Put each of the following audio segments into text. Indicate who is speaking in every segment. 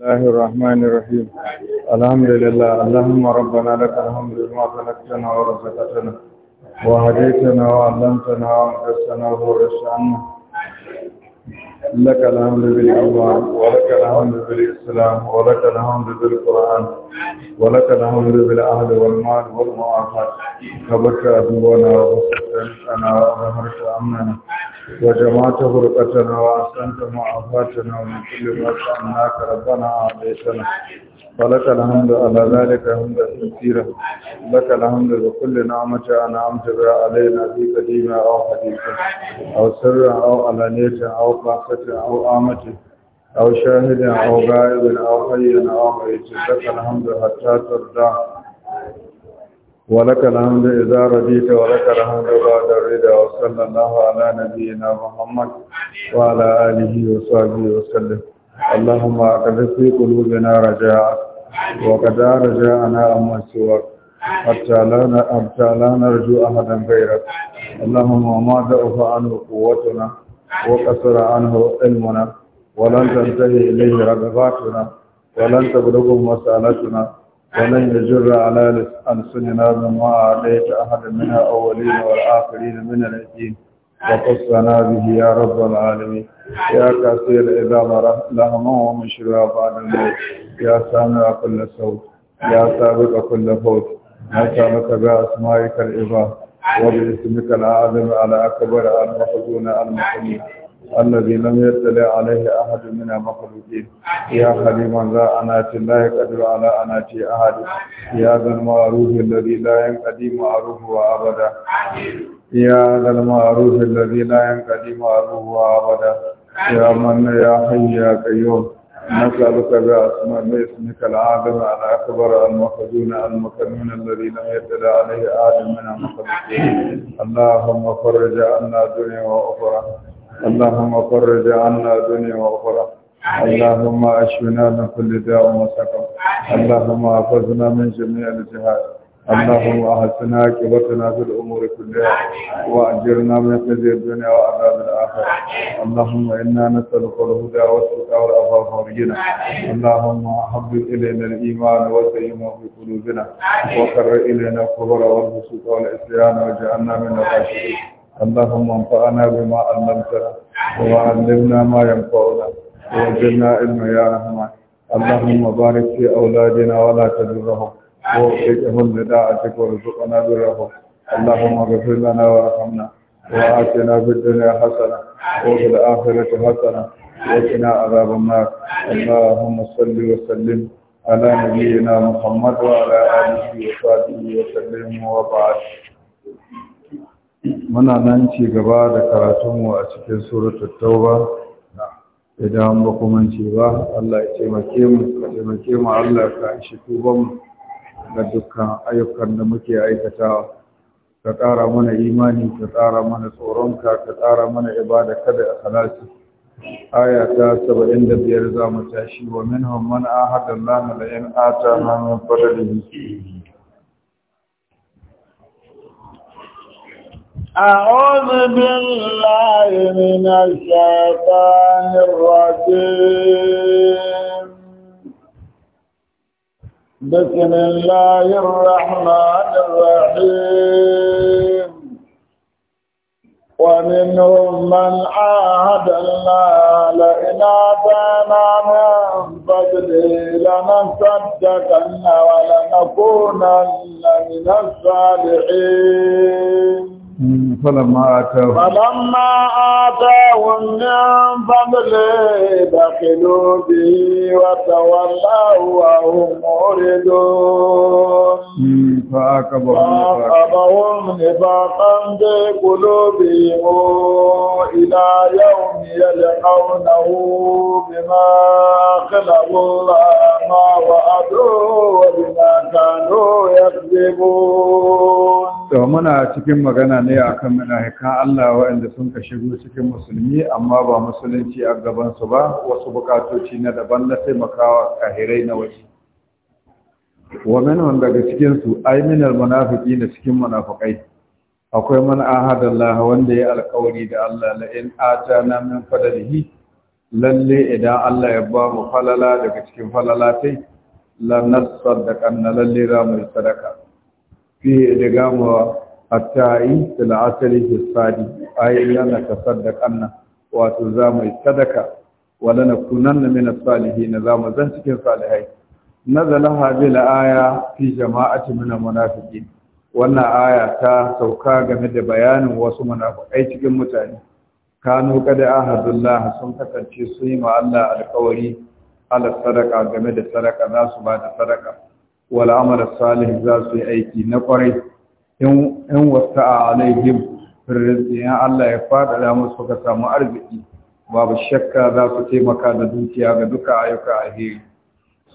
Speaker 1: الله الرحمن الرحيم الحمد لله اللهم ربنا لك الحمد لما خلقتنا ورزقتنا وهديتنا وعلمتنا وانقذتنا وفرجت عنا لك الحمد بالإيمان ولك الحمد بالإسلام ولك الحمد بالقرآن ولك الحمد بالأهل والمال والمعافاة كبرت أبونا وبسطت رزقنا أمنا وجمعت فرقتنا وأحسنت معافاتنا ومن كل ما سألناك ربنا عليك ولك الحمد على ذلك الحمد كثيرا لك الحمد بكل نعمة أنعمت بها علينا في قديمة أو حديثة أو سر أو علانية أو خاصة أو آمة أو شاهد أو غائب أو حي أو ميت لك الحمد حتى ترضى ولك الحمد إذا رضيت ولك الحمد بعد الرضا وصلى الله على نبينا محمد وعلى آله وصحبه وسلم اللهم قد في قلوبنا رجاء وقد رجاءنا أما سواك حتى لا حتى نرجو أحدا غيرك اللهم ما ضعف عنه قوتنا وقصر عنه علمنا ولن تنتهي إليه رغباتنا ولن تبلغ مسألتنا ولن يجر على ألسننا بما عليك أحد من الأولين والآخرين من الأجين وقصنا به يا رب العالمين يا كثير إذا لهما ومن شرها بعد الموت يا سامع كل صوت يا سابق كل فوت نسألك بأسمائك الإباء وباسمك العظيم على أكبر المحزون المحزون الذي لم يطلع عليه أحد من المخلوقين يا خليما ذا أنات لا يقدر على أنات أحد يا ذا المعروف الذي لا ينقدي معروفه أبدا يا ذا المعروف الذي لا ينقدي معروفه أبدا يا من يا حي يا قيوم نسألك بأسماء باسمك العظم الأكبر المخزون المكنون الذي لم يدل عليه أحد من المخلوقين اللهم فرج عنا دنيا وأخرى اللهم فرج عنا دنيا واخرى اللهم اشفنا من كل داء وسقم اللهم احفظنا من جميع الجهات اللهم احسن عاقبتنا في الامور كلها واجرنا من خزي الدنيا وعذاب الاخره اللهم انا نسالك الهدى والتقى والعفاف والغنى اللهم احب الينا الايمان وزينه في قلوبنا وقر الينا الكبر والبسوط والعصيان واجعلنا من الراشدين اللهم انفعنا بما علمتنا وعلمنا ما ينفعنا وزدنا علما يا رحمن اللهم بارك في اولادنا ولا تذرهم ووفقهم لطاعتك وارزقنا برهم اللهم اغفر لنا وارحمنا وآتنا في الدنيا حسنة وفي الآخرة حسنة وقنا عذاب النار اللهم صل وسلم على نبينا محمد وعلى آله وصحبه وسلم وبعد muna nan ci gaba da karatunmu a cikin suratul tauba idan ba kuma ce ba Allah ya taimake mu ka taimake mu Allah ka ishi tuban ga dukkan ayyukan da muke aikatawa ka tsara mana imani ka tsara mana tsoronka ka tsara mana ibada kada a halasi aya ta biyar za mu tashi wa minhum man ahadallahu la in atana min fadalihi
Speaker 2: أعوذ بالله من الشيطان الرجيم بسم الله الرحمن الرحيم ومنهم من عاهد الله لئن آتانا من فضله لنصدقن ولنكونن من الصالحين
Speaker 1: فلما آتاهم
Speaker 2: فلما آتاهم من فضله بخلوا به وتولوا وهم معرضون
Speaker 3: فأعقبهم
Speaker 2: نفاقا في قلوبهم إلى يوم يلقونه بما خلق الله ما وعدوه وبما كانوا يكذبون.
Speaker 1: to muna cikin magana ne akan kan munafikan Allah waɗanda sun ka shigo cikin musulmi amma ba musulunci a gabansu ba wasu bukatoci na daban na taimakawa kahirai na waje wa minhum daga cikin su ay minal na cikin munafikai akwai man ahada Allah wanda ya alƙawari da Allah la in atana min fadlihi lalle idan Allah ya ba mu falala daga cikin falala falalatai la nasaddaqanna lalle ra mu sadaka fi da mu hatta yi til'asali Sadi, ayi lana tasaddaq anna wato za mu sadaka wala min as-salihin za mu zan cikin salihai nazala hadhihi al-aya fi jama'ati min al-munafiqin wannan aya ta sauka game da bayanin wasu munafikai cikin mutane kanu kada ahadullah sun kasance su yi ma Allah alkawari ala sadaka game da sadaka za su ba da sadaka wal amala salih za su yi aiki na kwarai in wata a alaihim rizki Allah ya faɗaɗa musu ka samu arziki babu shakka za su taimaka da dukiya ga duka ayyuka alheri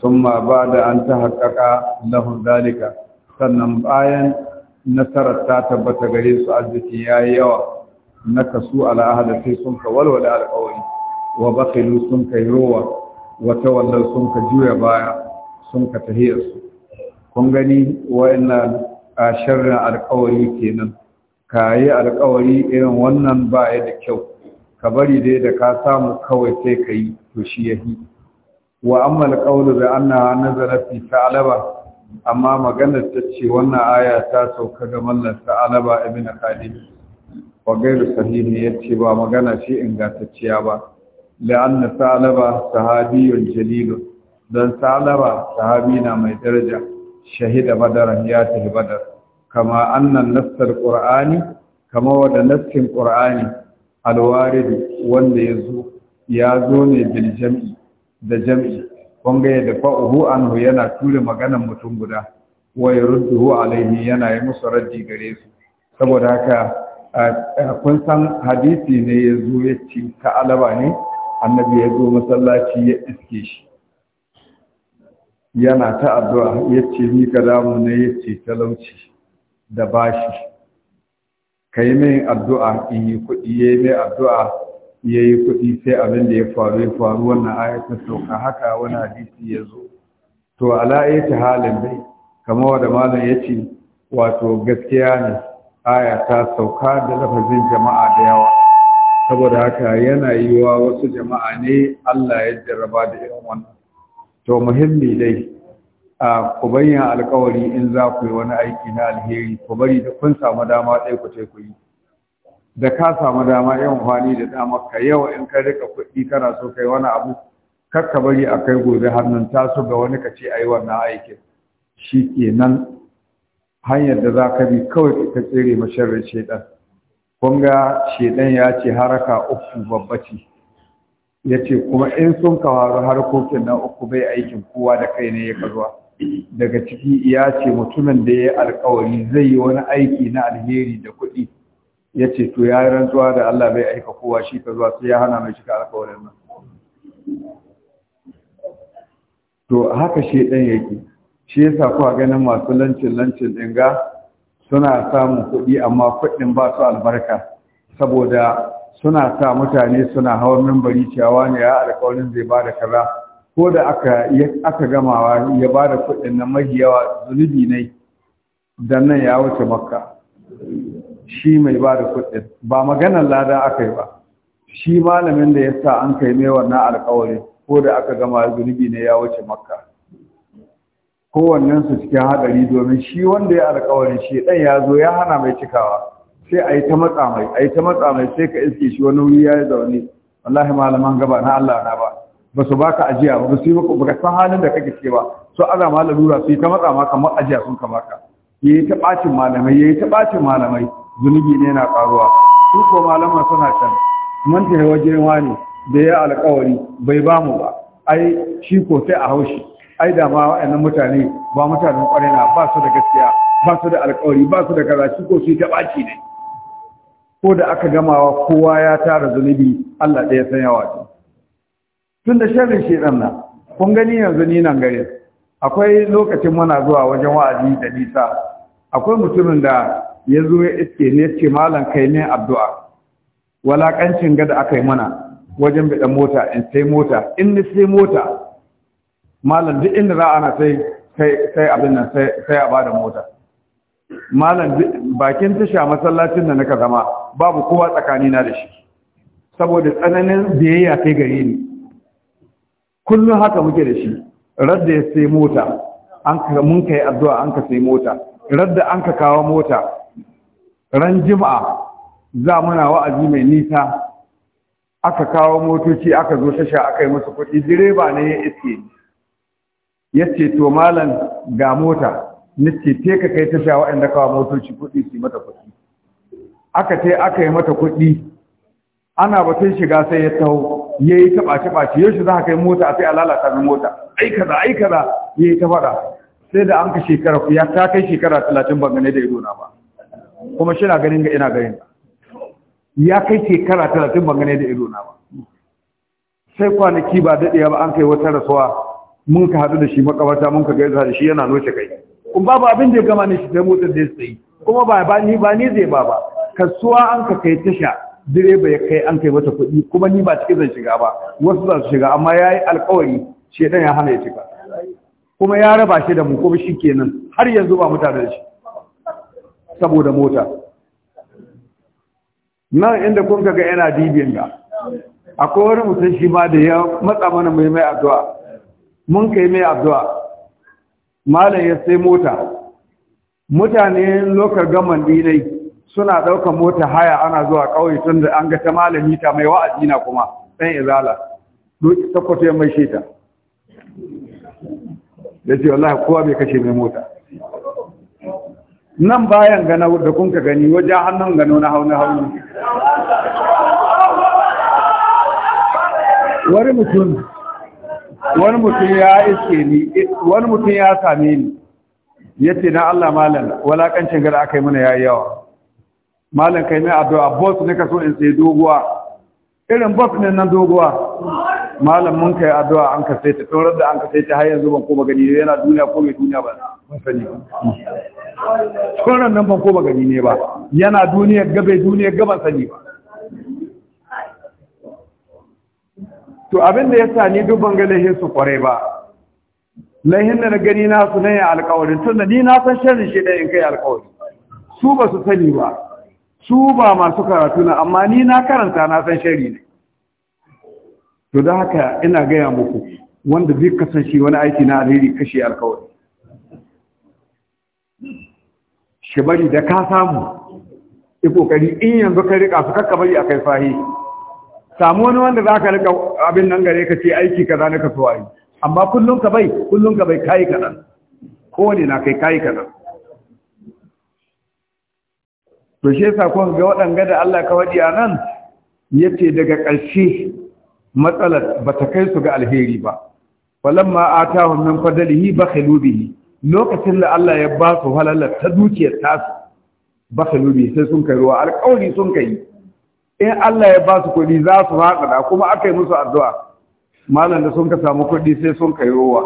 Speaker 1: summa ba da an ta haƙaƙa lahun zalika sannan bayan nasarar ta tabbata gare su arziki ya yi yawa na kasu al'ahada sai sun ka walwala alƙawari wa bakilu sun ka yi rowa wata wallar sun ka juya baya sun ka su, kun gani wa'annan a sharrin alkawari kenan ka yi alkawari irin wannan ba ya da kyau ka bari dai da ka samu kawai sai ka yi to shi ya yi wa amma alƙawlu da na nazara fi ta'alaba amma maganar ta ce wannan aya ta sauka ga mallan ta'alaba ibn khalid wa gairu sahihi yace ba magana shi ingantacciya ba لأن ta'alaba صحابي جليل dan alaba sahabi na mai daraja shahida badaran ya tafi badar kama annan nassar qur'ani kama wada nassin qur'ani alwarid wanda yazo zo ya zo ne bil jam'i da jam'i wanga da dafa uhu anhu yana ture maganan mutum guda wa yurduhu alaihi yana yi musu raddi gare su saboda haka kun san hadisi ne ya zo ya ci alaba ne annabi ya zo masallaci ya iske shi yana ta addu'a ya ce ni ka damu ne yace talauci da bashi
Speaker 2: Ka yi min addu'a in yi kuɗi ya yi mai addu'a yi kuɗi sai abin da ya faru ya faru wannan ayatun sauka haka wani hadisi
Speaker 1: ya zo to ala ta halin dai kamar wanda malam ya ce, wato gaskiya ne aya ta sauka da lafazin jama'a da yawa saboda haka yana yiwa wasu jama'a ne Allah ya jarraba da irin wannan to muhimmi dai a ku bayyana alkawari in za ku yi wani aiki na alheri ku bari da kun samu dama ɗaya ku ku yi da ka samu dama yawan amfani da dama ka yau in ka rika kuɗi kana so kai wani abu kar ka bari a kai gobe hannun taso ga wani ka ce a yi wannan aikin shi ke nan. hanyar da za ka bi kawai ka tsere masharar shaidan kun ga shaidan ya ce haraka uku babba ce ya ce kuma in sun kawaru harkokin na uku bai aikin kowa da kai ne ya karuwa daga ciki ya ce mutumin da ya alkawari zai yi wani aiki na alheri da kuɗi ya ce to ya rantsuwa da Allah bai aika kowa shi ka zuwa sai ya hana mai shiga alkawarin nan to haka shi ɗan yake shi yasa kuwa ganin masu lancin lancin ɗin ga suna samun kuɗi amma kuɗin ba su albarka saboda suna sa mutane suna hawan mimbari cewa ne ya alƙawarin zai bada kaza ko da aka aka gamawa ya bada kuɗin na mahi yawa zunubi ne dan nan ya wuce makka shi mai bada kuɗin ba maganar lada aka yi ba shi malamin da ya sa an kai mai wannan alƙawarin ko da aka gama zunubi ne ya wuce makka Kowannensu cikin haɗari domin shi wanda ya alƙawarin shi ɗan ya zo ya hana mai cikawa sai a yi ta matsa mai a yi ta matsa mai sai ka iske shi wani wuri ya yi zaune wallahi malaman gaba na Allah na ba ba su baka ajiya ba su yi maka ba san halin da kake ce ba su aza ma lalura su yi ta matsa ma kamar ajiya sun kama ka ya yi ta ɓacin malamai ya yi ta ɓacin malamai zunubi ne na ƙaruwa su ko malaman suna can mun ta yi wajen wani da ya alƙawari bai ba mu ba ai shi ko sai a haushi ai da ma waɗannan mutane ba mutanen ƙwarai na ba su da gaskiya ba su da alƙawari ba su da kaza shi ko su yi ta ɓaci ne ko da aka gamawa kowa ya tara zunubi Allah ɗaya san yawa ce tun da sharrin shedan nan kun gani yanzu ni nan gare akwai lokacin muna zuwa wajen wa'azi da nisa akwai mutumin da ya zo ya iske ne ce malam kai ne addu'a walakancin gada aka yi mana wajen biɗa mota in sai mota in ni sai mota malam duk inda za a sai sai abin nan sai a bada mota malam bakin tasha masallacin da naka zama babu kowa tsakanina da shi saboda tsananin biyayya kai gare ni kullum haka muke da shi radda ya sai mota an ka mun kai addu'a an ka sai mota radda an ka kawo mota ran jima'a za muna wa'azi mai nisa aka kawo motoci aka zo tasha aka yi musu kuɗi direba ne ya iske ya ce to malam ga mota nace te ka kai tafiya waɗanda kawo motoci kuɗi su mata kuɗi aka ce aka yi mata kuɗi ana batun shiga sai ya taho ya yi taɓa-taɓa yau shi za ka kai mota A sai a lalata min mota ai kaza ai kaza ya yi ta faɗa sai da an ka shekara ku ya ta kai shekara talatin ban gane da ido na ba kuma shi na ganin ga ina ganin ya kai shekara talatin ban gane da ido na ba sai kwanaki ba daɗewa ba an kai wata rasuwa mun ka haɗu da shi makabarta mun ka gaisa da shi yana noce kai kun babu abin da ya gama ne shi sai motsa da ya tsayi kuma ba ni ba ni zai ba ba kasuwa an ka kai tasha direba ya kai an kai mata kuɗi kuma ni ba cikin zan shiga ba wasu za su shiga amma ya yi alkawari shedan ya hana ya shiga kuma ya raba shi da mu kuma shi kenan har yanzu ba mutane da shi saboda mota nan inda kun ga yana dibin da akwai wani mutum shi ma da ya matsa mana mai mai addu'a mun kai mai addu'a malam ya sai mota mutane lokar gaman dinai suna ɗaukar mota haya ana zuwa ƙauye tun da an ga ta malami ta mai wa'azi na kuma ɗan izala ta sakwato mai sheta da ce wallahi kowa bai kashe mai mota nan bayan gana da kun ka gani wajen hannun gano na hauna hauna wani mutum wani mutum ya iske ni wani mutum ya same ni yace na Allah malam walakancin gara akai mana yayi yawa malam kai mai addu'a boss ne ka so in sai doguwa irin boss ne nan doguwa malam mun kai addu'a an ka sai ta tsorar da an ka sai ta har yanzu ban koma gani yana duniya ko mai duniya ba mun sani tsoron nan ban koma gani ne ba yana duniya gabe duniya gaban sani ba to abin da ya sa ni duk ban ga su kwarai ba laihin da na gani na su nayi alƙawarin tun da ni na san sharri shi ɗaya in kai alƙawari su ba su sani ba su ba masu karatu na amma ni na karanta na san sharri ne to da haka ina gaya muku wanda zai kasance wani aiki na alheri kashe alƙawari. shi bari da ka samu yi kokari in yanzu ka rika su kakka bari a kai fahi samu wani wanda za ka rika abin nan gare ka ce aiki kaza na kaso yi. amma kullum ka bai kullum ka bai kayi kaɗan kowane na kai kayi kaɗan to shi yasa kun ga waɗanga da Allah ka waɗi a nan yace daga ƙarshe matsalar ba ta kai su ga alheri ba falamma atahum min fadlihi bakhilu lokacin da Allah ya ba su halalar ta dukiyar tasu ka bihi sai sun kai ruwa alƙawari sun kai in Allah ya ba su kuɗi za su da kuma aka yi musu addu'a malam da sun ka samu kuɗi sai sun ka yi rowa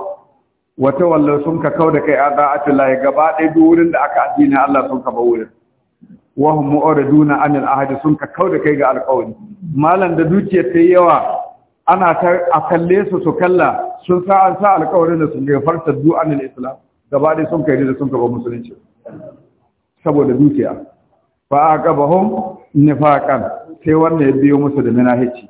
Speaker 1: wata wallar sun ka kau da kai a za'atun layi gaba ɗaya duk da aka addini Allah sun ka ba wurin wahun mu'aura duna anil ahadi sun ka kau da kai ga alkawari malam da dukiyar ta yi yawa ana ta a kalle su su kalla sun sa an sa alƙawarin da sun gaifar ta du anil islam gaba ɗaya sun kai da sun ka ba musulunci saboda dukiya fa aqabahum nifaqan sai wannan ya biyo musu da minahici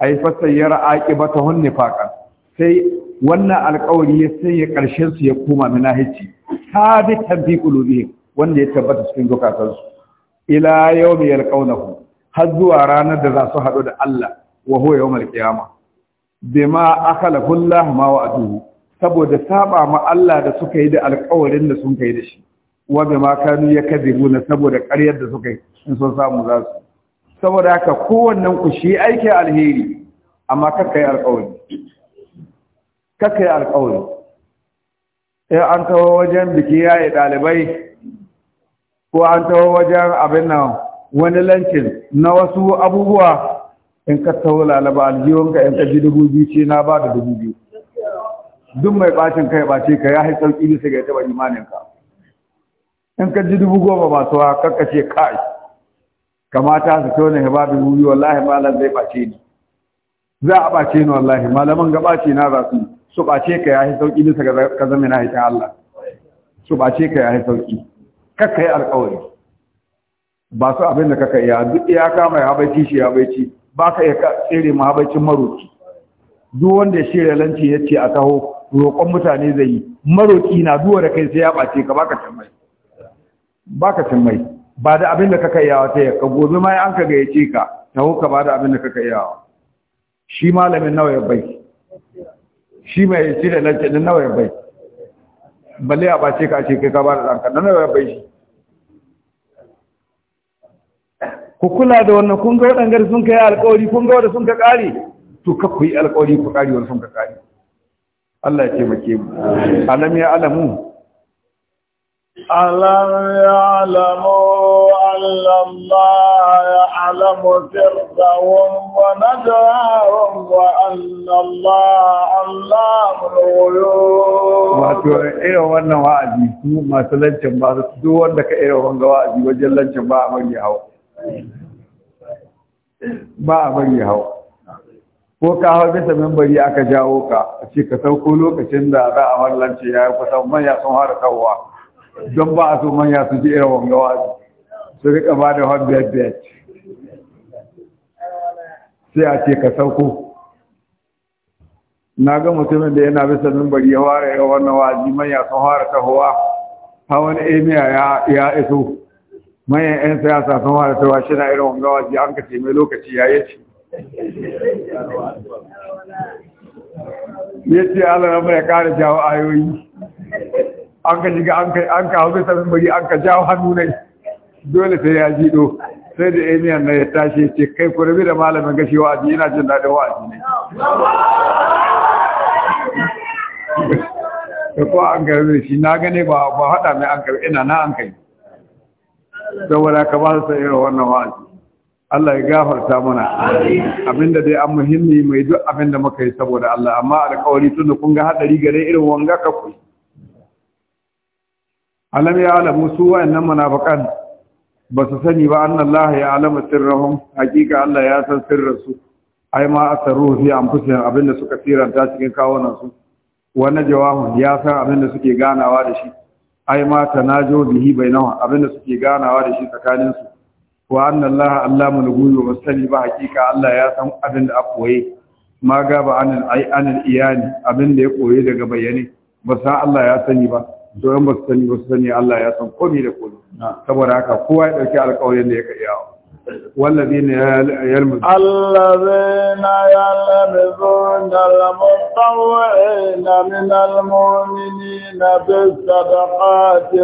Speaker 1: ai ba ta hun nifaqan sai wannan alƙawari ya sanya ƙarshen su ya koma minahici bi fi qulubihim wanda ya tabbata cikin zukatansu ila yawmi yalqawnahu har zuwa ranar da za su haɗu da Allah wa huwa yawmal qiyama bima akhalafu Allah ma wa'aduhu saboda saba ma Allah da suka yi da alƙawarin da sun kai da shi wa ma kanu na saboda ƙaryar da suka yi in sun samu za su saboda haka kowannen ku shi aiki alheri amma kakai alƙawari kakai alƙawari sai an taho wajen biki yayi ɗalibai ko an taho wajen abin nan wani lancin na wasu abubuwa in ka taho lalaba aljihunka in ka ji dubu biyu ce na ba da dubu biyu duk mai bacin kai bace ka ya haifar sauki bisa ga taɓa imaninka in ka ji dubu goma ba wa kakka ce kai kamata su tona hibabin wuri wallahi malam zai bace ni za a bace ni wallahi malaman ga bace na za su su bace ka ya sauki bisa ga ka zama na hikin Allah su bace ka ya sauki kakka yi alƙawari ba su abin da kakka ya duk ya kama ya bai shi ya bai ba ka iya tsere ma habaicin maroki duk wanda ya shirya lanci ya ce a taho roƙon mutane zai yi maroki na duwa da kai sai ya ɓace ka baka can mai baka can mai ba da abin da kaka yawa ta yaka gobe ma an ka gayyace ka ta huka ba da abin da kaka yawa shi malamin nawa ya bai shi mai yace da lance cikin nawa ya bai balle a bace ka ce kai ka ba da danka nan nawa ya bai shi ku kula da wannan kun ga wadangar sun kai alkawari kun ga wanda sun ka ƙari to ka ku yi alkawari ku ƙari wani sun ka ƙari Allah ya ce mu alam ya alamu
Speaker 2: ألم يعلموا أن الله يعلم سرهم ونجاهم وأن الله علام الغيوب ما تقول
Speaker 1: إيه وانا وعدي masu lancin ba su duk wanda ka irin wanga wa'azi wajen lancin ba a bari ba a bari hau ko ka hau bisa membari aka jawo ka a ce ka sauko lokacin da za a lance ya yi kusan manya sun fara kawowa don ba a so manya su ji irin wanga wa'azi su rika ba da hot bed sai a ce ka sauko na ga mutumin da yana bisa mimbari ya ware ya wannan wazi manya sun fara tahowa ha wani emiya ya iso manyan 'yan siyasa sun fara tahowa shi na irin wanga wazi an ka mai lokaci ya yi ci ya ce Allah na ya kare jawo ayoyi an ka shiga an ka an ka hau bisa bari an ka jawo hannu ne dole sai ya ji do sai da emiyan na ya tashi ce kai ko rabi da malamin gashi wa'azi ina jin daɗin wa'azi ne da ko an karbi shi na gane ba ba haɗa mai an ka ina na an kai saboda ka ba su irin wannan wa'azi Allah ya gafarta mana abinda dai an muhimmi mai duk abinda muka yi saboda Allah amma alƙawari tun da kun ga haɗari gare irin wanga ka kuyi alam ya alamu su wa'annan munafiqan ba su sani ba Allah ya alama sirrahum hakika Allah ya san sirrinsu ai ma asaru fi anfusihim abinda suka siranta cikin kawunan su wani jawahun ya san abinda suke ganawa da shi ai ma tanajo bihi bainahum abinda suke ganawa da shi tsakanin su wa Allah allamul ghuyub ba sani ba hakika Allah ya san abinda a koye ma gaba anan ai anan iyani abinda ya koye daga bayani ba sa Allah ya sani ba don yan basu sani basu sani Allah ya san komi da komi saboda haka kowa ya dauki alƙawarin da ya kai yawo wallazina yalmuz allazina
Speaker 2: mu al-mutawwin min al-mu'minin bis-sadaqati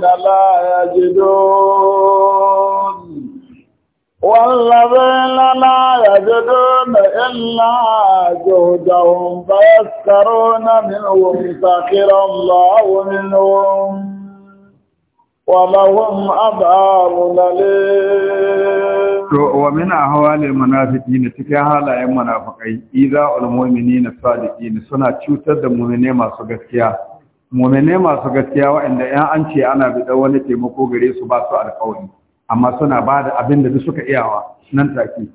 Speaker 2: na la yajidun والذين لا يجدون إلا جهدهم فيسكرون منهم سخر الله منهم ولهم أبعاب لليل
Speaker 1: ومن أحوال المنافقين تكي حالا المنافقين إذا المؤمنين الصادقين سنة تشوتد المؤمنين ما سبكتيا مؤمنين ما سبكتيا وإن أنت أنا بدولة مكوغري سباسو القولي amma suna ba da abin da suka iyawa nan take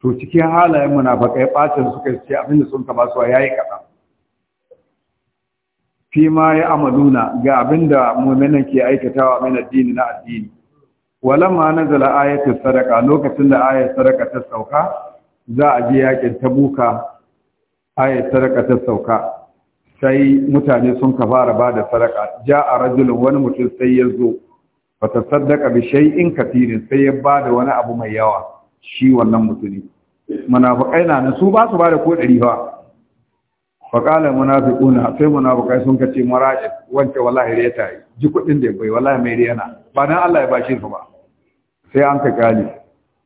Speaker 1: to cikin halayen munafakai bacin suka ce abin da sun kaba su yayi kaɗan fi ma ya amaluna ga abin da mu'minan ke aikatawa min addini na addini walamma nazala ayatu sadaqa lokacin da ayat sadaqa ta sauka za a je yakin tabuka ayat sadaqa ta sauka sai mutane sun fara ba da sadaqa ja'a rajulun wani mutum sai ya zo fata saddaka bi shay'in katirin sai ya bada wani abu mai yawa shi wannan mutumi munafiqai na su ba su bada ko dari fa fa qala munafiquna sai munafiqai sun kace maraji wance wallahi reta ji kudin da bai wallahi mai yana. ba dan Allah ya bashi su ba sai an ka gali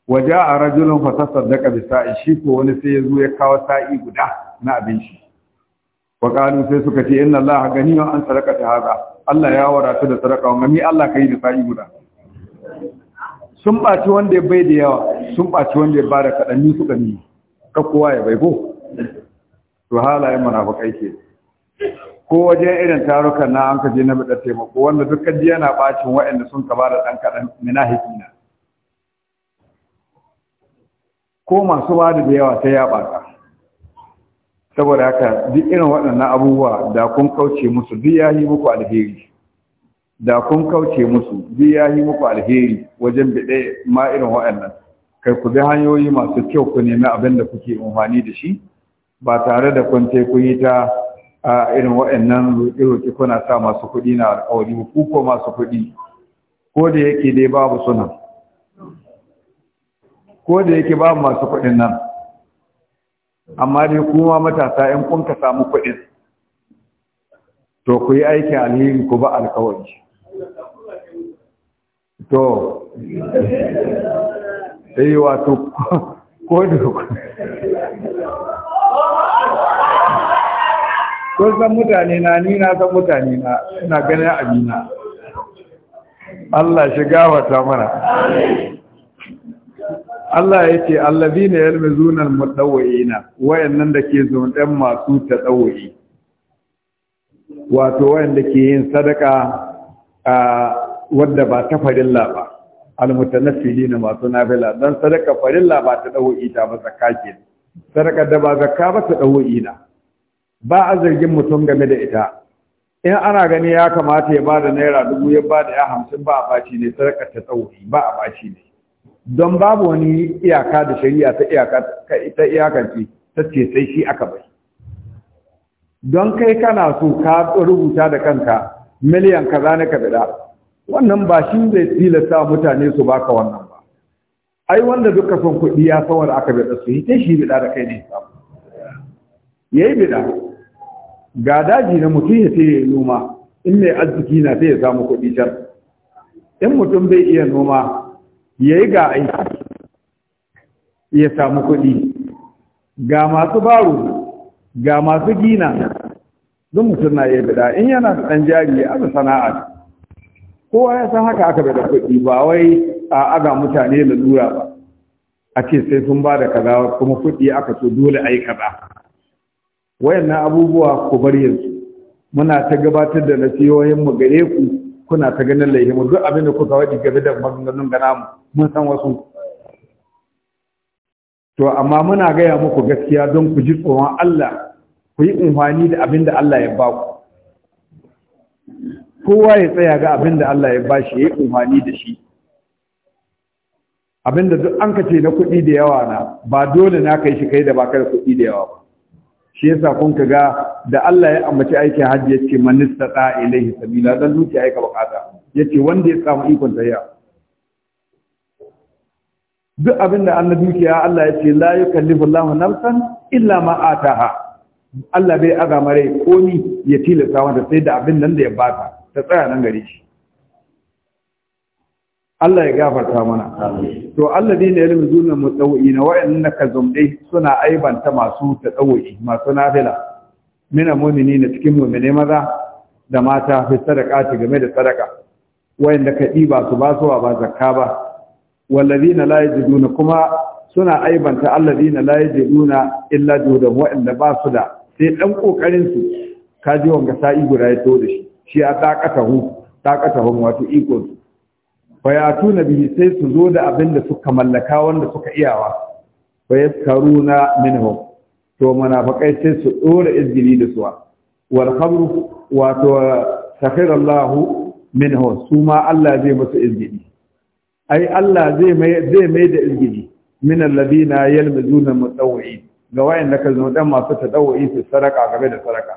Speaker 1: waja a rajulun fata saddaka bi sa'i shi ko wani sai ya zo ya kawo sa'i guda na abin shi wa qalu sai suka ce inna gani ganiyun an ta haza Allah ya wadatu da sadaka wannan ni Allah kai da sa'i guda sun ɓaci wanda bai da yawa sun ɓaci wanda ya ba da kaɗan ni suka ni ka kowa ya bai ko to halaye munafikai ke ko wajen irin tarukan na an kaje na bada taimako wanda dukkan ji yana bacin waɗanda sun ka bada dan ɗan kaɗan mina hikina ko masu bada da yawa sai ya ɓata saboda haka duk irin waɗannan abubuwa da kun kauce musu duk ya yi muku alheri da kun kauce musu duk ya yi muku alheri wajen bide ma irin waɗannan kai ku bi hanyoyi masu kyau ku nemi abin da kuke amfani da shi ba tare da kun te ku yi ta a irin waɗannan roƙe-roƙe kuna sa masu kuɗi na alƙawari ku ko masu kuɗi ko da yake dai babu suna ko da yake babu masu kuɗin nan amma dai kuma matasa 'yan kun ka samu kuɗin to ku yi aikin alhiri ku ba alkawari to eh wato ko da kun san mutane na ni na san mutane na ina ganin amina Allah shi gawata mana amin
Speaker 3: Allah ya ce
Speaker 1: allazina yalmizuna almutawwi'ina wayannan da ke zundan masu tadawwi wato wayanda ke yin sadaka a wanda ba ta farilla ba almutanaffilina masu nafila dan sadaka farilla ba ta dawwi ta ba zakka ke sadaka da ba zakka ba ta dawwi na ba a zargin mutum game da ita in ana gani ya kamata ya bada naira dubu ya bada ya hamsin ba a baci ne sadaka ta tsauri ba a baci ne don babu wani iyaka da shari'a ta iyaka ta iyakance ta ce sai shi aka bai don kai kana so ka rubuta da kanka miliyan kaza na ka bida wannan ba shi zai tilasta mutane su baka wannan ba ai wanda duka son kuɗi ya san aka bida su yi shi bida da kai ne samu yayi bida ga daji na mutum ya sai ya noma in mai arziki na sai ya samu kuɗi can in mutum bai iya noma ya yi ga aiki ya samu kuɗi ga masu baro ga masu gina duk mutum na iya bida in yana da ɗan jari ya aza sana'a kowa ya san haka aka bada kuɗi ba wai a aga mutane lalura ba a ce sai sun ba da kaza kuma kuɗi aka so dole a yi kaza wayannan abubuwa ku bar yanzu muna ta gabatar da nasihohin mu gare ku kuna ta ganin laihimu duk abin da kuka waɗi game da maganganun gana mu mun san wasu to amma muna gaya muku gaskiya don ku ji tsoron Allah ku yi umfani da abin da Allah ya ba ku kowa ya tsaya ga abin da Allah ya ba shi ya yi umfani da shi abin da duk an ka ce na kuɗi da yawa na ba dole na kai shi kai da baka da kuɗi da yawa ba shi yasa kun ka ga da Allah ya ambaci aikin hajji ya ce manista istata ilaihi sabila dan zuciya ya buƙata, bukata ce wanda ya samu ikon tafiya duk abin da Allah dukiya Allah ya ce la yukallifu Allahu nafsan illa ma ataha Allah bai aga mare komi ya tilasta wanda sai da abin nan da ya bata ta tsaya nan gare shi Allah ya gafarta mana to Allah alladina yalmizuna na. wa'annan naka zumdai suna aibanta masu tadawi masu nafila mina ne cikin mu'mini maza da mata fi sadaka game da sadaka wayanda ka diba su ba su ba zakka ba wallazina la yajiduna kuma suna aibanta allazina la yajiduna illa judan wa'anda ba su da sai dan kokarin su kaji wanga sa'i guda ya to da shi shi a takatahu takatahum wato iko su fayatu nabihi sai su zo da abin da suka mallaka wanda suka iyawa na minhum to munafakai sai su dora izgili da suwa wal khamru wato sakhirallahu minhu suma Allah zai musu izgili ai Allah zai mai zai mai da ilgiji min alladina yalmizuna mutawwi ga wayan da kazo dan masu tadawwi su saraka game da saraka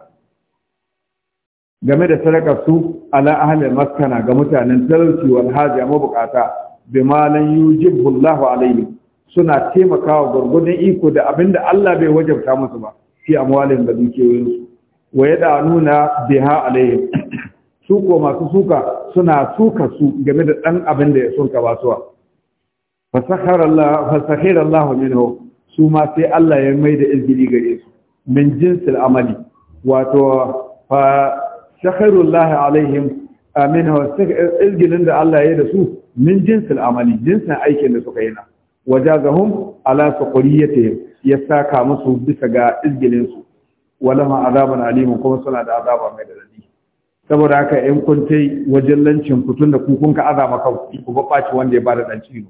Speaker 1: game da saraka su ala ahli maskana ga mutanen talauci wal haja mabukata bi malan yujibu Allahu alaihi suna taimakawa gurgudun iko da abinda Allah bai wajabta musu ba fi amwalin da dukiyoyinsu wa yada nuna biha alaihi su ko masu suka suna suka su game da ɗan abin da ya sunka ba suwa fasahir Allah minhu su ma sai Allah ya mai da izgili gare su min jinsil amali wato fa shakharullah alaihim minhu izgilin da Allah ya yi da su min jinsil amali jinsin aikin da suka yi na wajazahum ala suqriyatihim ya saka musu bisa ga izgilin su walama azaban alimun kuma suna da azaba mai da saboda haka in kun tai wajen lancin ku tunda ku kun ka azama kan ku babbaci wanda ya bada dan ne.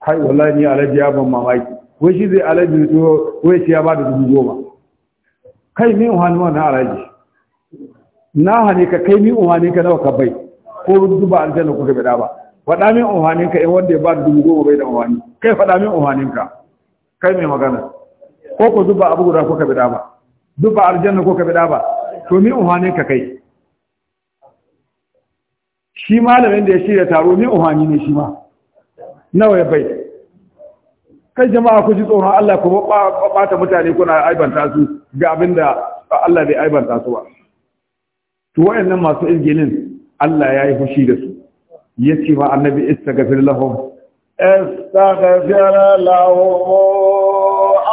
Speaker 1: kai wallahi ni alaji ya ban mamaki wai shi zai alaji to wai shi ya bada dubu goma kai ni uhani wannan alaji na hane ka kai ni uhani ka nawa ka bai ko duba aljanna ku ga ba faɗa min umarnin ka in eh, wanda ya bada dubu goma bai da umarni kai faɗa min umarnin ka kai mai magana ko ku zuba abu guda ko ka bi ba duba aljanna ko ka bi ba to min umarnin ka kai shi malamin da ya shirya taro ne uhani ne shi ma nawa ya bai kai jama'a ku ji tsoron Allah ku bata mutane kuna aibanta su ga abin da Allah bai aibanta su ba to wayannan masu izgilin Allah ya yi fushi da su yace ma annabi istaghfir lahum
Speaker 2: istaghfir lahum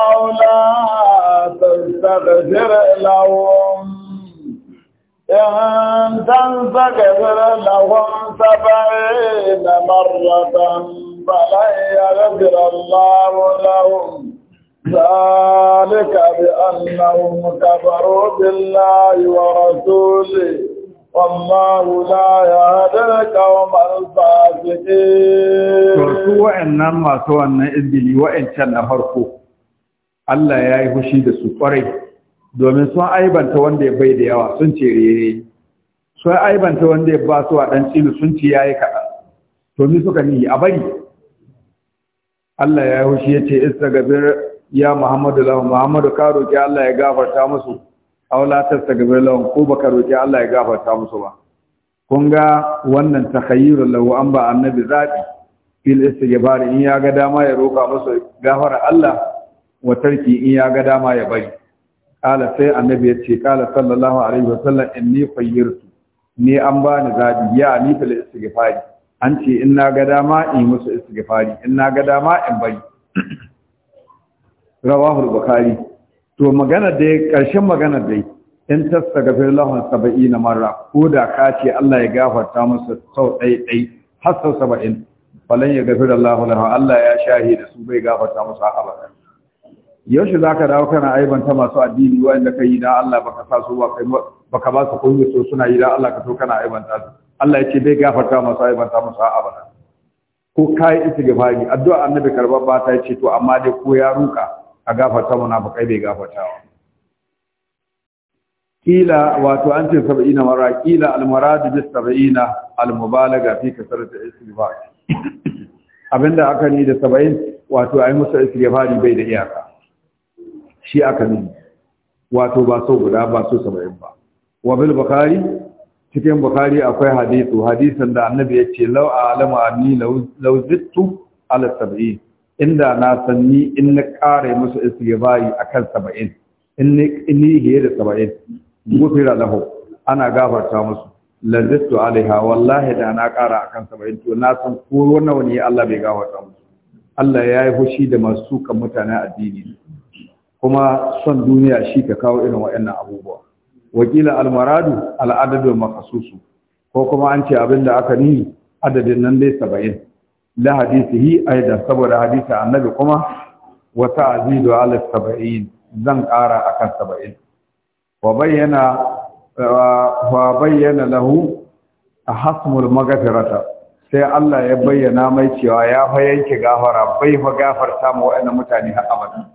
Speaker 2: aw tastaghfir lahu. إن تنتقذر لهم سبعين مرة فلن يغفر الله لهم ذلك بأنهم كفروا بالله ورسوله والله لا يهدي القوم الفاسقين
Speaker 1: to wa'annan masu wannan izgili wa'ancan na farko Allah ya yi fushi da su kwarai domin sun aibanta wanda ya bai da yawa sun ce rere sun aibanta wanda ya ba su a ɗan cilu sun ce ya yi kaɗan to ni suka ni a bari Allah ya hushi ya ce istagabir ya Muhammadu lahum Muhammadu ka roƙi Allah ya gafarta musu aula tastagabir lahum ko baka roƙi Allah ya gafarta musu ba kun ga wannan takhayyurul lahu an ba annabi zabi fil istighfar in ya ga dama ya roka musu gafara Allah wa tarki in ya ga dama ya bari kala sai annabi ya ce kala sallallahu alaihi wasallam inni khayyirtu ni an bani zabi ya ni fil istighfari an ce in na ga dama in musu istighfari in na ga dama in bari rawahu bukhari to magana dai karshen magana dai in tastaghfir lahum 70 marra ko da ka ce Allah ya gafarta musu sau dai dai har sau 70 balan ya gafir Allah lahu Allah ya shahida su bai gafarta musu abada yaushe za ka dawo kana aibanta masu addini wa'anda ka yi da Allah baka sa su baka ba su kunya so suna yi da Allah ka to kana aibanta su Allah ya ce bai gafarta masu aibanta masu abada ko kai istighfari addu'a annabi karban ba ta ce to amma dai ko ya ruka a gafarta mu na kai bai gafartawa kila wato an ce 70 mara kila almarad bis 70 almubalaga fi kasrat istighfar abinda aka ni da 70 wato ai musu istighfari bai da iyaka shi aka nuna wato ba so guda ba so saba'in ba wa bil bukhari cikin bukhari akwai hadithu hadisin da annabi ya ce law alama ni law zittu ala sab'in inda na san ni in na kare musu istighfari akan saba'in in ni hiye da saba'in da lahu ana gafarta musu zittu alaiha wallahi da na kara akan saba'in to na san ko wannan wani Allah bai gafarta musu Allah ya yi fushi da masu kan mutane addini kuma son duniya shi ka kawo irin waɗannan abubuwa wakila almaradu al'adadu makasusu ko kuma an ce abin da aka nini adadin nan dai saba'in la yi da saboda hadisi annabi kuma wata azidu ala saba'in zan ƙara a kan saba'in wa bayyana lahu a hasmul magfirata sai Allah ya bayyana mai cewa ya fa yanke gafara bai fa gafarta ma waɗannan mutane har abada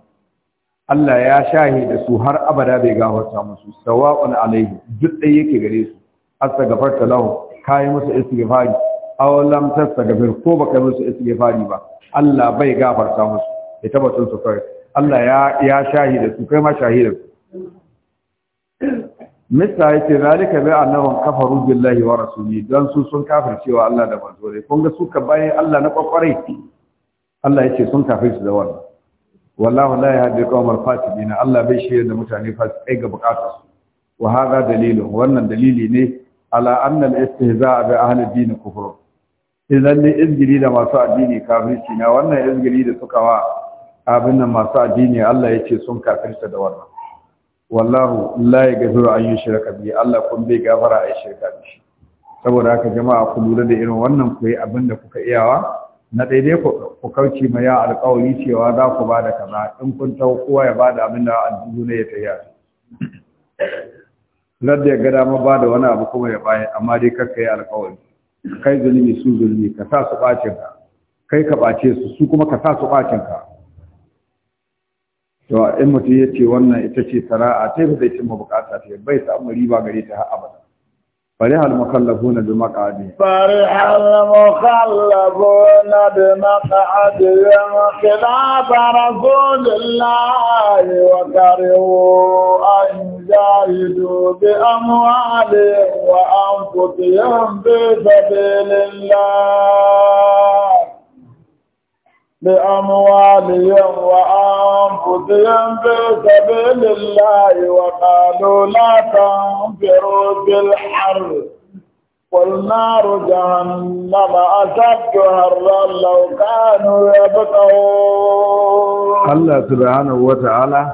Speaker 1: Allah ya shahe da su har abada bai gafarta musu sawa'un alaihi duk dai yake gare su asa gafarta lahu kai musu istighfari aw lam tastaghfir ko baka musu istighfari ba Allah bai gafarta musu ya tabbatar su kai Allah ya ya shahe da su kai ma shahe da su Mista ya ce, Zalika bai annahun kafaru billahi wa rasuli don su sun kafir cewa Allah da manzo ne. Kun ga suka bayan Allah na kwakwarai, Allah ya ce sun kafir su da wannan. wallahu la yahdi qawmal fasiqin Allah bai shirya da mutane fasikai ga bukatarsu wa hada dalilun wannan dalili ne ala anna al-istihza'a bi ahli din kufr idan ne izgiri da masu addini kafirci na wannan izgiri da suka wa abin nan masu addini Allah yace sun kafirta da wannan wallahu la yaghfiru an yushraka bi Allah kun bai gafara ai shirka shi saboda haka jama'a ku lura da irin wannan ku yi abin da kuka iyawa na daidai ku kauce ma ya alƙawari cewa za ku ba da kaza in kun tau kowa ya ba da abin da aljihu ne ya tayar ladda ya ga dama ba da wani abu kuma ya bayar amma dai kakka yi alƙawari kai zulmi su zulmi ka sa su ɓacin ka kai ka ɓace su su kuma ka sa su ɓacin ka to in mutum ya ce wannan ita ce sana'a yi ba zai cimma bukata ta bai samu riba gare ta har abada فرح المخلفون بمقعدهم
Speaker 2: فرح المخلفون بمقعدهم خلاف رسول الله وكرهوا أن جاهدوا بأموالهم وأنفسهم في سبيل الله بأموالهم وأنفسهم في سبيل الله وقالوا لا تنفروا في الحر قل نار جهنم أشد حرا لو كانوا يبقون
Speaker 1: الله سبحانه وتعالى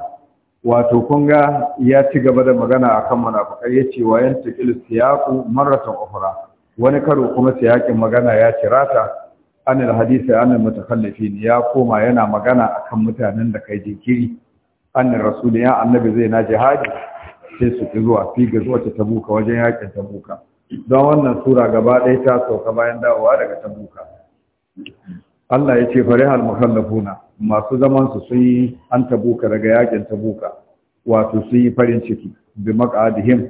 Speaker 1: wato kun ga ya ci gaba da magana a kan akan ya ce wa yantakil siyaqu marratan ukhra wani karo kuma siyakin magana ya cirata an hadisi an ne ya koma yana magana akan mutanen da kai jinkiri an rasul ya annabi zai na jihadi sai su ki zuwa fi ga zuwa tabuka wajen yakin tabuka don wannan sura gaba ɗaya ta sauka bayan dawowa daga tabuka Allah ya ce farihal mukallafuna masu zaman su sun yi an tabuka daga yakin tabuka wato sun yi farin ciki bi maqadihim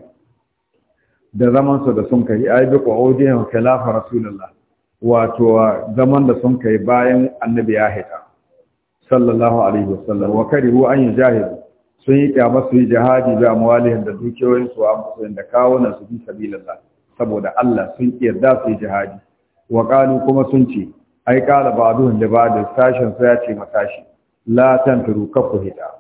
Speaker 1: da zaman su da sun kai ai bi qaudihim rasulullah wato zaman da sun kai bayan annabi ya haita sallallahu alaihi wasallam wa karihu an yujahidu sun yi kyama su yi jihadi da amwalihin da dukiyoyin su an da kawunan su bi sabilillah saboda Allah sun da su yi jihadi wa qalu kuma sun ce ai qala ba'duhum li ba'd sashen su ya ce matashi la tanfiru kafu hita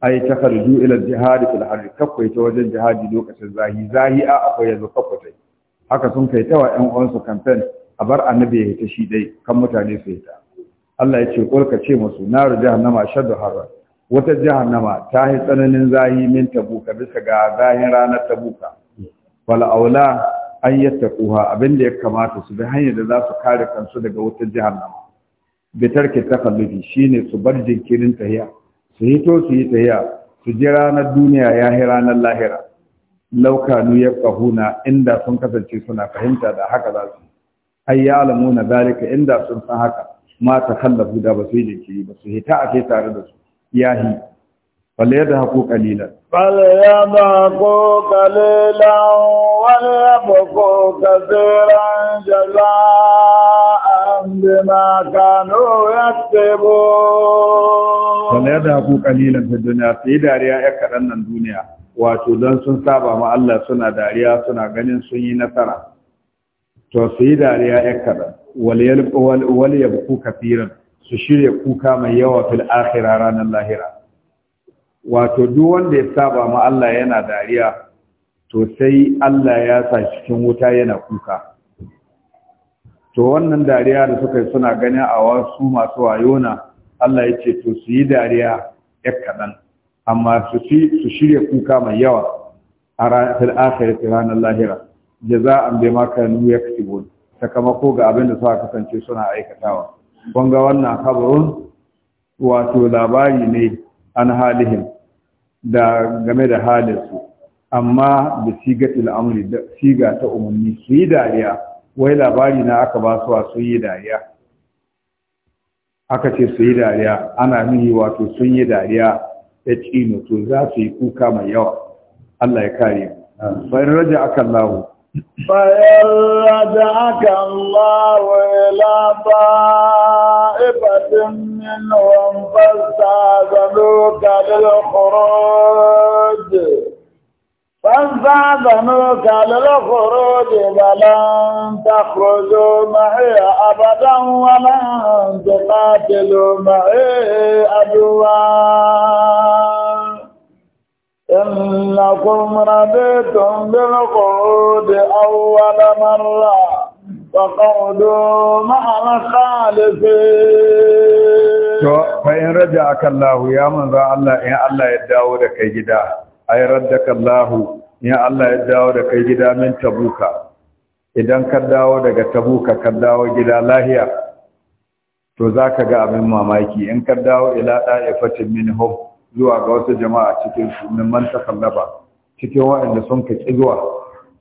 Speaker 1: ai ta kharju ila jihadi fil harri kafu wajen jihadi lokacin zahi zahi a akwai yanzu kafu tai haka sun kai tawa ƴan uwansu campaign a bar annabi ya ta shi dai kan mutane su ta Allah ya ce kulka ce musu naru jahannama shaddu harra wata jahannama ta yi tsananin zahi min tabuka bisa ga zahin ranar tabuka wal aula an abin abinda ya kamata su bi hanyar da za su kare kansu daga wata jahannama bi tarki shi shine su bar jinkirin tahiya su hito su yi tahiya su ji ranar duniya ya yi ranar lahira laukanu ya kahuna inda sun kasance suna fahimta da haka za su ai ya alamu na zalika inda sun san haka ma ta kallafu da ba su yi jinkiri ba su hita a kai tare da su yahi balle da haku kalilan
Speaker 2: balle ya ko kalilan wani ya ba ko An jaza'an bima kanu yattebo
Speaker 1: balle da haku kalilan ta duniya yi dariya ya kaɗan nan duniya wato don sun saba ma Allah suna dariya suna ganin sun yi nasara to su yi dariya ya kaɗan wal ya buku kafiran su shirya kuka mai yawa fil akhira ranar lahira wato duk wanda ya saba ma Allah yana dariya to sai Allah ya sa cikin wuta yana kuka to wannan dariya da suka yi suna ganin a wasu masu wayona Allah ya ce to su yi dariya ya kaɗan amma su shirya kuka mai yawa a akhira ranar lahira jaza'an bai maka nu ya sakamako ga abin da suka kasance suna aikatawa kun ga wannan kabarun wato labari ne an halihim da game da halinsu amma da sigatul amri da siga ta umarni su yi dariya wai labari na aka ba su su yi dariya aka ce su yi dariya ana nuni wato sun yi dariya ya cino to za su yi kuka mai yawa Allah ya kare mu bayan raja akan lahu
Speaker 2: Fayar rada aka lawa laba ibadin minuwan fasta zano kalil kuroj. Fasta zano kalil kuroj balan ta kuzo ma'i abadan walan ta ƙatilo ma'i aduwa. إنكم رديتم بالقعود أول مرة فقعدوا مع الخالفين
Speaker 1: فإن رجعك الله يا من ذا الله يا الله يدعو لك جدا أي ردك الله يا الله يدعو لك جدا من تبوك idan ka dawo daga tabuka ka dawo gida lahiya to za ka ga abin mamaki in ka dawo ila da'ifatin min hub zuwa ga wasu jama'a cikin su min cikin waɗanda sun ka zuwa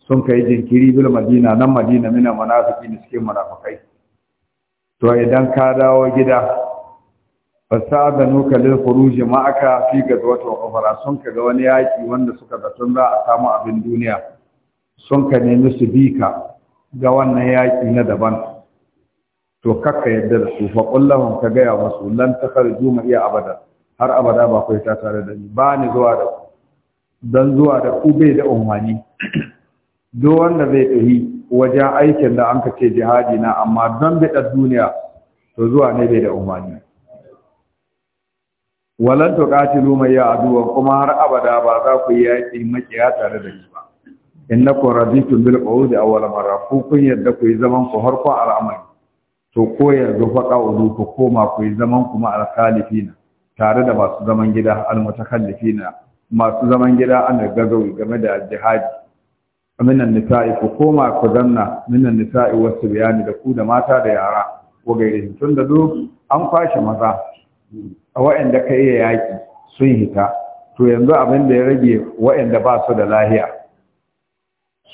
Speaker 1: sun ka yi jinkiri bil madina nan madina mina munafiki ne suke munafikai to idan ka dawo gida fasada nuka lil khuruj ma'aka fi gazwat wa kufara sun ka ga wani yaki wanda suka ga tun za a samu abin duniya sun ka nemi su bi ka ga wannan yaki na daban to kakka yadda da su fa kullahum ka ga ya musu lan takharju ma iya abada har abada ba kai ta tare da ni ba ni zuwa da ku dan zuwa da ku bai da umarni do wanda zai dahi wajen aikin da an ce jihadi na amma don biɗa duniya to zuwa ne bai da umarni walan to qatilu mai ya aduwa kuma har abada ba za ku yi yaki makiya tare da ni ba innakum raditum bil qawdi awwal marra ku kun yadda ku yi zaman ku harkon al'amari to ko yanzu fa qawlu ku koma ku yi zaman kuma al-khalifina tare da masu zaman gida na masu zaman gida an gazawi game da jihadi minan nisa'i ku koma ku zanna minan nisa'i wasu bayani da ku da mata da yara ko irin tun da duk an kwashe maza a wa'anda ka iya yaƙi sun hita to yanzu abin da ya rage wa'anda ba su da lahiya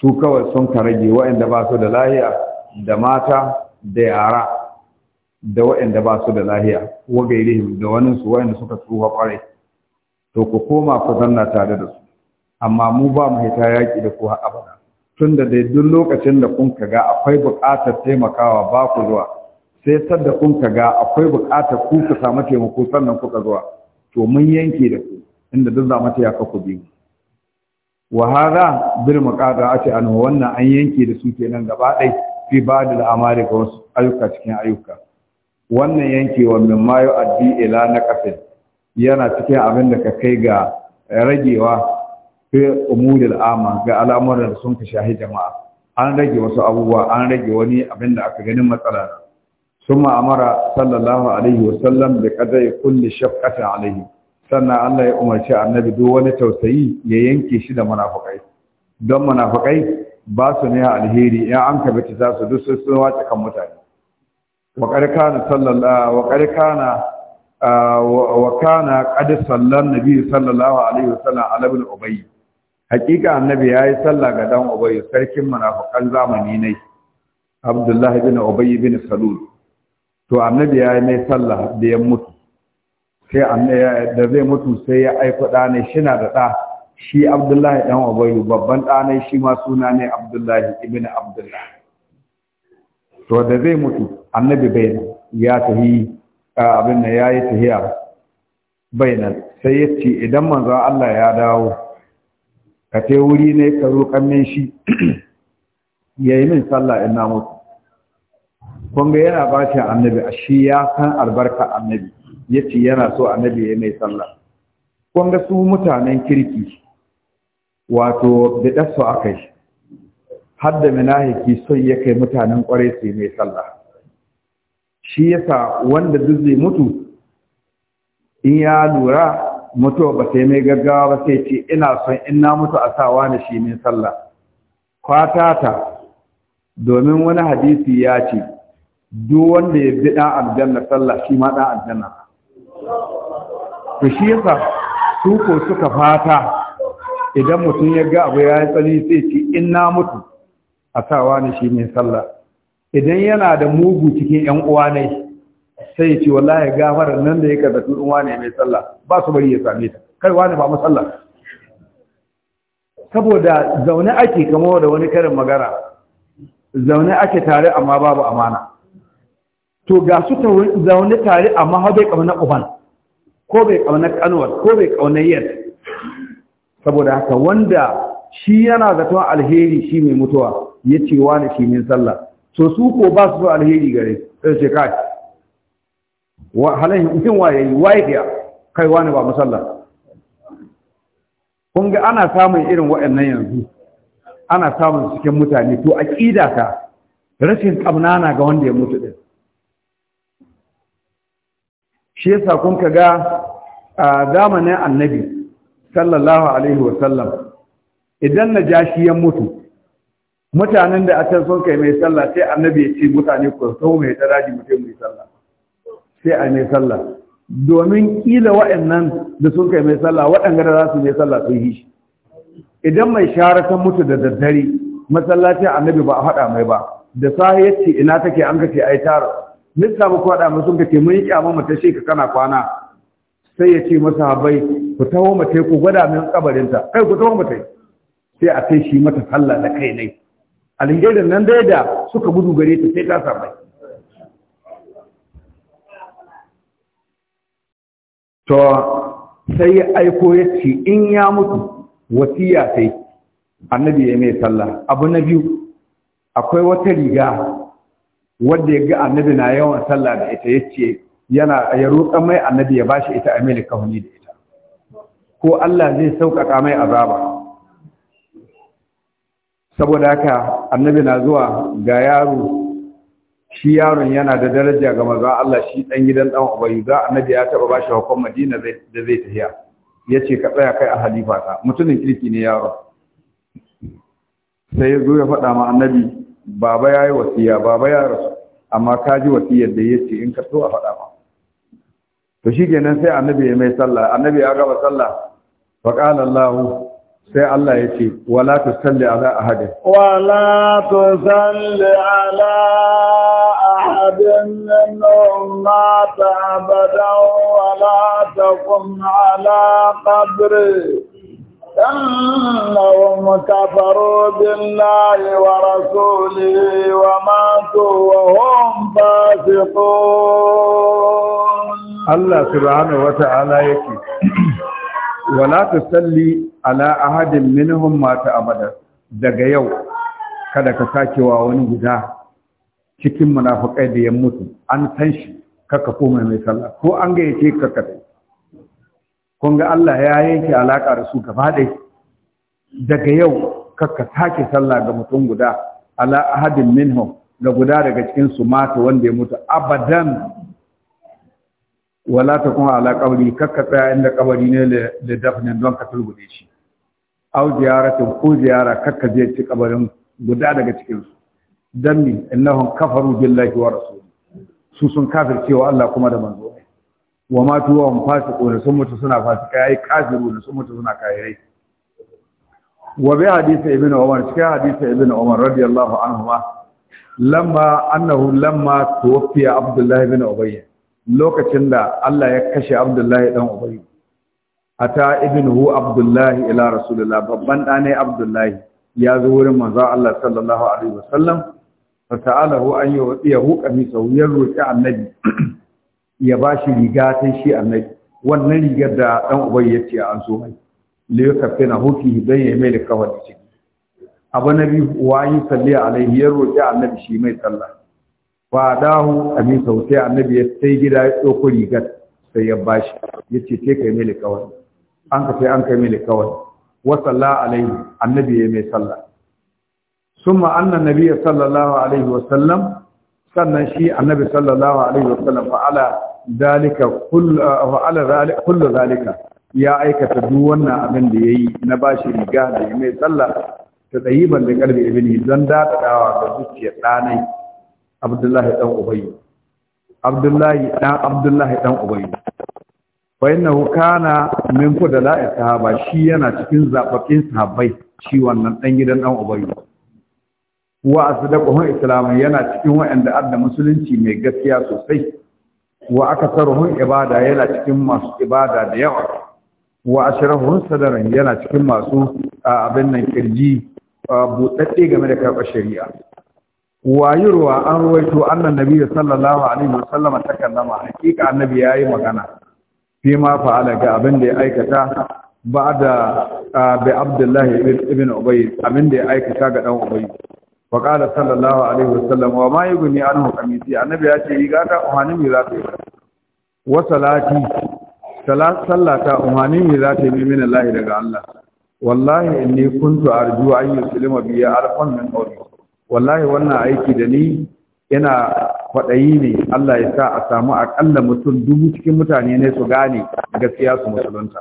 Speaker 1: su kawai sun ka rage wa'anda ba su da lahiya da mata da yara da waɗanda ba su da lahiya wa gairihim da wani su waɗanda suka tsufa kwarai to ku koma ku zanna tare da su amma mu ba mu hita yaƙi da ku har abada tun da dai duk lokacin da kun ga akwai buƙatar taimakawa ba ku zuwa sai sadda kun ga akwai buƙatar ku ku samu taimako sannan kuka zuwa to mun yanke da ku inda duk za mu taya ka ku biyu wa hada bil muqada'ati wannan an yanke da su kenan gaba ɗaya fi ba da al'amari ga wasu ayyuka cikin ayyuka wannan yankewa min mayo addi ila na kafin yana cikin abin da ka kai ga ragewa fi umuril ama ga al'amuran da sun ka shahi jama'a an rage wasu abubuwa an rage wani abin da aka ganin matsala summa amara sallallahu alaihi wa sallam bi qadai kulli shafqatin alaihi sannan Allah ya umarci annabi duk wani tausayi ya yanke shi da munafukai don munafakai, ba su ne alheri in an kabita za su duk sun wace kan mutane wa karkana sallallahu sallan nabi sallallahu alaihi wasallam ala ibn ubay hakika annabi yayi sallah ga dan ubay sarkin munafikan zamani ne abdullahi bin ubay bin salul to annabi yayi mai sallah da mutu sai annabi da zai mutu sai ya aika da ne shina da da shi abdullahi dan ubay babban da shi ma suna ne abdullahi ibn abdullahi to da zai mutu annabi bai ya tahi abin da yayi tahiya nan. sai ya ce idan manzo Allah ya dawo ka te wuri ne ka roƙan min shi yayi min sallah in mutu kun ga yana ba shi annabi a shi ya san albarka annabi ya yana so annabi ya yi mai sallah kun ga su mutanen kirki wato biɗarsu aka yi har da minahiki son ya kai mutanen kwarai su mai sallah shi yasa wanda duk zai mutu in ya lura mutuwa ba sai mai gaggawa ba sai ce ina son in na mutu a sawa na shi mai sallah kwatata domin wani hadisi ya ce duk wanda ya bi ɗan aljanna sallah shi ma ɗan aljanna to shi yasa su suka fata idan mutum ya ga abu ya yi tsani sai ce in na mutu a sawa ne shi ne sallah idan yana da mugu cikin yan uwa ne sai ya ce wallahi gafarar nan da ya da tun uwa ne mai sallah ba su bari ya same ta kai wani ba mu sallah saboda zaune ake kamo da wani karin magana zaune ake tare amma babu amana to ga su zaune tare amma ha bai kauna na uban ko bai kauna na kanuwar ko bai kauna na yadda saboda haka wanda shi yana zaton alheri shi mai mutuwa ya ce wani shi min sallah so su ko ba su zo alheri gare sai ce kai wa halayen mutum waye yi waye da kai wani ba musalla kun ga ana samun irin waɗannan yanzu ana samun cikin mutane to a ta rashin ƙamnana ga wanda ya mutu din shi yasa kun ka ga A zamanin annabi sallallahu alaihi wa sallam idan na shi yan mutu mutanen da aka son kai mai sallah sai annabi ya ce mutane ku so mai taraji mutum mai sallah sai a mai sallah domin kila wa'annan da sun kai mai sallah waɗanda da za su mai sallah sun yi shi idan mai shara ta mutu da daddare a annabi ba a haɗa mai ba da sahi ya ce ina take an ka ce ai tara nista muku haɗa mai sun ka ce mun yi kyamar mu ta ka kana kwana sai ya ce masa habai ku taho mu ku gwada min kabarinta kai ku taho mu tai sai a kai shi mata sallah da kai ne alherin nan dai da suka gudu gare ta sai ta samu to sai ya aiko ya ce in ya mutu wasiya sai annabi ya mai sallah abu na biyu akwai wata riga wadda ya ga annabi na yawan sallah da ita ya ce yana ya roƙa mai annabi ya ba shi ita a mai da ita ko Allah zai sauƙaƙa mai azaba saboda haka annabi na zuwa ga yaro shi yaron yana da daraja ga maza Allah shi dan gidan dan ubayi za annabi ya taba bashi hukum Madina da zai tafiya yace ka tsaya kai a halifa ta mutumin kirki ne yaro. sai ya zo ya faɗa ma annabi baba yayi wasiya baba ya rasu amma ka ji wasiyar da yace in ka so a faɗa ma to shikenan sai annabi ya mai sallah annabi ya gaba sallah fa qala Allahu sai Allah ya ce wala tusalli ala ahadin wala Salli
Speaker 2: ala ahadin minhum mata abadan wala taqum ala qabri أنهم كفروا بالله ورسوله وماتوا وهم
Speaker 1: فاسقون الله سبحانه وتعالى يكي wala ta salli ala ahadin minhum mata abada daga yau kada ka sakewa wani guda cikin munafikai da ya mutu an san shi kaka koma mai sallah ko an gayyace kaka. kadai kun ga Allah ya yanke alaka da su gaba dai daga yau kaka sake sallah ga mutum guda ala ahadin minhum ga guda daga cikin su mata wanda ya mutu abadan wala ta kuma ala kabari kakka tsaya inda kabari ne da dafnin don ka turbude shi au ziyaratin ko ziyara kakka zai ci kabarin guda daga cikin su dan ni innahum kafaru billahi wa rasuli su sun cewa Allah kuma da manzo wa matu wa hum fasiqun sun mutu suna fasika yayi kafirun sun mutu suna kafirai wa bi hadisi ibn umar cikin hadisi ibn umar radiyallahu anhu lamma annahu lamma tuwaffiya abdullah ibn ubayy lokacin da Allah ya kashe Abdullahi dan Ubay ata ibnuhu Abdullahi ila Rasulullah babban ne Abdullahi ya zo wurin manzo Allah sallallahu alaihi wasallam fa ta'alahu an yu'tiyahu qamisahu ya roki annabi ya bashi riga ta shi annabi wannan rigar da dan Ubayi ya ce an so mai li yukaffina hu fihi dan ya mai kawai ciki abu nabi wayi yi salli alaihi ya roki annabi shi mai sallah fa dahu abi sautai annabi ya sai gida ya ɗauko rigar sai ya bashi ya ce ke kai mili kawai an ka sai an kai mili kawai wa salla alaihi annabi ya mai sallah summa anna nabiyya sallallahu alaihi wa sallam sannan shi annabi sallallahu alaihi wa sallam fa ala dalika kullu ala zalika kullu zalika ya aikata duk wannan abin da yayi na bashi riga da ya mai sallah ta tsayiban da kalbi ibn don daɗaɗawa da zuciyar ɗanai abdullahi dan ubayy abdullahi dan abdullahi dan ubayy innahu kana min fudala sahaba shi yana cikin zabakin sahabbai shi wannan dan gidan dan ubayy wa asdaquhu islam yana cikin wa'anda adda musulunci mai gaskiya sosai wa akasaruhum ibada yana cikin masu ibada da yawa wa ashrahuhum sadaran yana cikin masu abin nan kirji buɗaɗɗe game da karɓar shari'a wayurwa an ruwaito annan nabi sallallahu alaihi wasallam takallama hakika annabi yayi magana fi ma fa'ala ga abin da ya aikata ba'da bi abdullahi ibn ubay abin da ya aikata ga dan ubay wa qala sallallahu alaihi wasallam wa ma yughni anhu qamisi annabi ya ce rigata, ta uhanin mi za ta yi wa salati sallata umani mi za ta yi min Allah daga Allah wallahi inni kuntu arju an yuslima bi alfan min qawli wallahi wannan aiki da ni yana kwaɗayi ne Allah ya sa a samu aƙalla mutum dubu cikin mutane ne su gane gaskiya su musulunta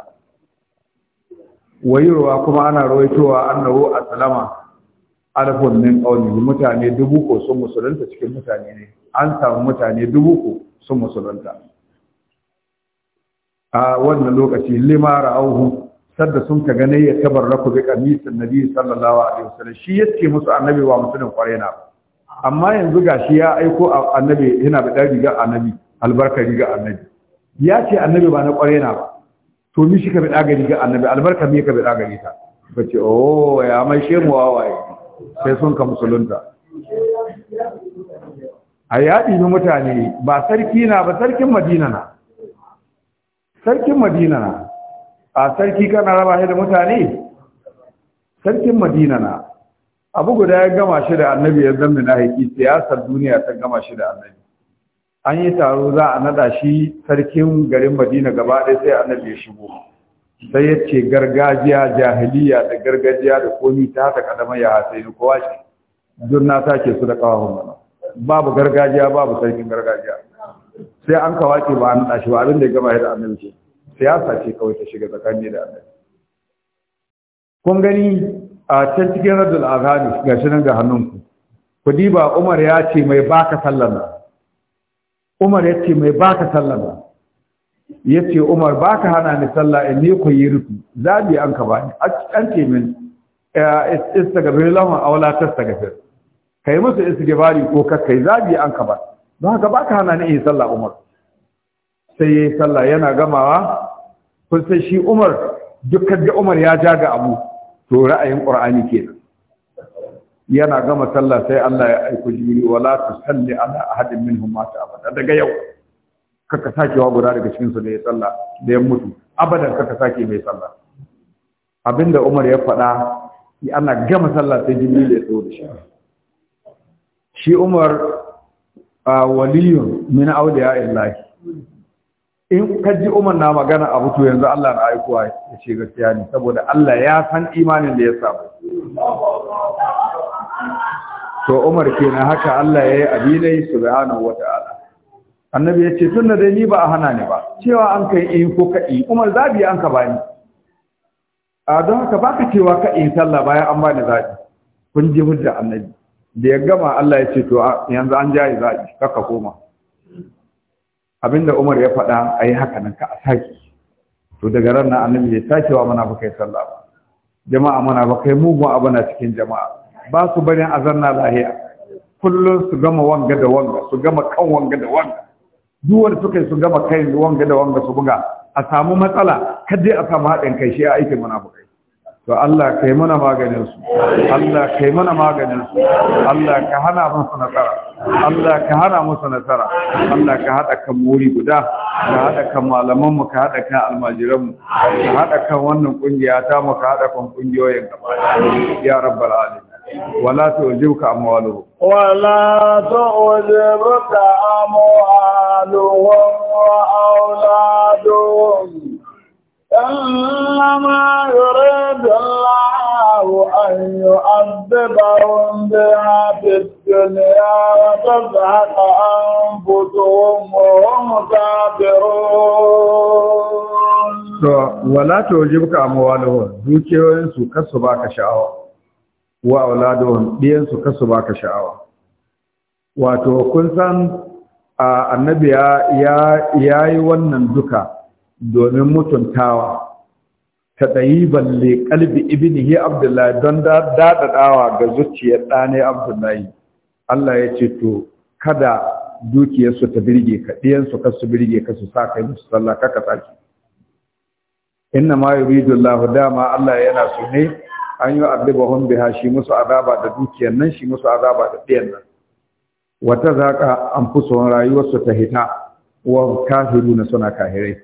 Speaker 1: wayarwa kuma ana rawaitowa a salama alfun min qawli mutane dubu ko sun musulunta cikin mutane ne an samu mutane dubu ko sun musulunta a wannan lokaci limara auhu sadda sun ka gane ya tabar raku bi kamisin nabi sallallahu alaihi wasallam shi yake musu annabi wa musulun kwarena amma yanzu gashi ya aiko annabi yana da riga annabi albarka riga annabi ya ce annabi ba na kwarena ba to mi shi ka bi daga riga annabi albarka mi ka bi daga riga Bace oh ya mai shemu wawaye sai sun ka musulunta a yaɗi na mutane ba sarki na ba sarkin madina na sarkin madina na a sarki kana raba shi da mutane sarkin madina na abu guda ya gama shi da annabi ya zama na haiki siyasar duniya ta gama shi da annabi an yi taro za a nada shi sarkin garin madina gaba ɗaya sai annabi ya shigo sai ya ce gargajiya jahiliya da gargajiya da komi ta haka kadama ya hasai ni kowa ce don na sake su da kawo mana babu gargajiya babu sarkin gargajiya sai an kawace ba a nada shi ba abin da ya gama shi da annabi ce siyasa ce kawai ta shiga tsakani da annabi kun gani a can cikin radul azhari ga shi nan ga hannunku ku diba umar ya ce mai baka sallama umar ya ce mai baka sallama ya ce umar baka hana ni sallah in ne ku yi rufi zabi an ka bani an ce min istagabir lahun aula tastagabir kai musu istagabari ko kakkai zabi an ka ba don haka baka hana ni yi sallah umar sai ya yi sallah yana gamawa kun san shi Umar duk da Umar ya ja ga abu to ra'ayin Qur'ani ke yana gama sallah sai Allah ya aiko jibril wala salli ala ahadin minhum mata abada daga yau kaka sake wa guda daga cikin da ya sallah da ya mutu abadan kaka sake mai sallah abinda Umar ya faɗa ana gama sallah sai da ya tsoro shi shi Umar waliyun min yin illahi in ka ji umar na magana a hutu yanzu Allah na aikowa ya ce gaskiya ne saboda Allah ya san imanin da ya samu to umar kenan haka Allah ya yi abinai wata ala annabi ya ce tun da dai ni ba a hana ni ba cewa an kai in ko kaɗi umar zabi an ka bani a don haka ba ka cewa ka in sallah bayan an bani zabi kun ji hujja annabi da ya gama Allah ya ce to yanzu an jaye zabi kaka koma abinda Umar ya faɗa yi haka nan ka a sake. to daga ran nan annabi ya sake wa mana bakai sallah ba jama'a mana bakai mugun abu na cikin jama'a ba su a zanna lahiya kullun su gama wanga da wanga su gama kan wanga da wanga duwar suka su gama kai wanga da wanga su buga a samu matsala kaje a samu haɗin kai shi a aikin munafukai to Allah kai mana maganinsu, su Allah kai mana maganinsu, Allah ka hana musu nasara Allah ka hana musu nasara Allah ka hada kan muri guda ka hada kan malaman mu ka hada kan almajiran mu ka hada kan wannan kungiya ta mu ka hada kan kungiyoyin gaba ya rabbal alamin ولا تعجبك أموالهم
Speaker 2: ولا تعجبك أموالهم وأولادهم إنما يريد الله أن يؤذبهم بها في الدنيا وتزهق أنفسهم وهم كافرون
Speaker 1: ولا تعجبك أموالهم دوكيوين سكسوا باك شعوة وأولادهم بين سكسوا باك شعوة wato kun san annabi ya yi wannan duka domin mutuntawa ta balle ƙalbi kalbi ibnihi abdullahi don daɗaɗawa ga zuciyar ɗane abdullahi Allah ya ce to kada dukiyarsu ta birge ka ɗiyansu kar su birge ka su sa yi musu sallah kaka ki. inna ma yuridu Lahu, dama Allah yana so ne an yi adabahum biha shi musu azaba da dukiyar nan shi musu azaba da ɗiyan nan wata zaka an son rayuwarsu ta hita wa na suna kahirai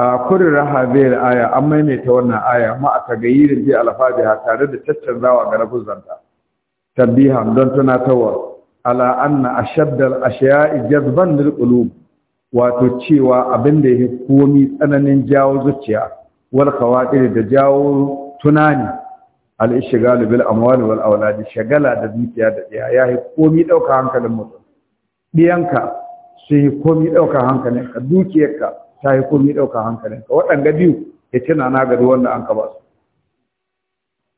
Speaker 1: a kurin da aya an maimaita wannan aya ma a tagayirin bi alfabiha tare da caccanzawa ga lafuzanta tabiha don tunatarwa ala anna ashaddal ashiya'i jazban lil qulub wato cewa abin da yake komi tsananin jawo zuciya wal khawatir da jawo tunani al galibin bil amwal wal shagala da dukiya da ya yi komi dauka hankalin mutum diyanka sai komi dauka hankalin ka dukiyarka ta yi komi ɗaukar hankalinka waɗanga biyu ya ce na gari wanda an ka ba su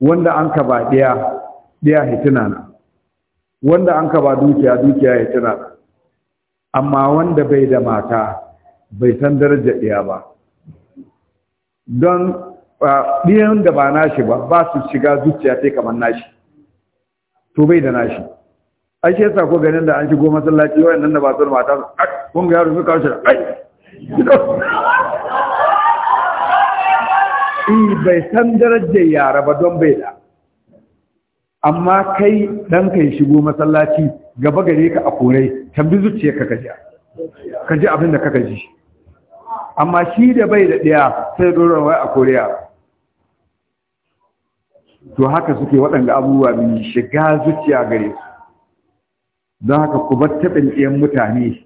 Speaker 1: wanda an ka ba ɗaya ɗaya ya na wanda an ka ba dukiya dukiya ya na amma wanda bai da mata bai san darajar ɗaya ba don ɗiyan da ba nashi ba ba su shiga zuciya sai kamar nashi to bai da nashi ai shi yasa ko ganin da an shigo masallaci wayannan da ba su da mata kun ga yaro suka shi ai bai san darajar yara ba don bai da amma kai dan kai shigo masallaci gaba gare ka a korai tambi zuciya ka kaji ka ji abin da ka kaji amma shi da bai da ɗaya sai doron wai a koriya to haka suke waɗanda abubuwa mai shiga zuciya gare su don haka ku bar taɓin ɗiyan mutane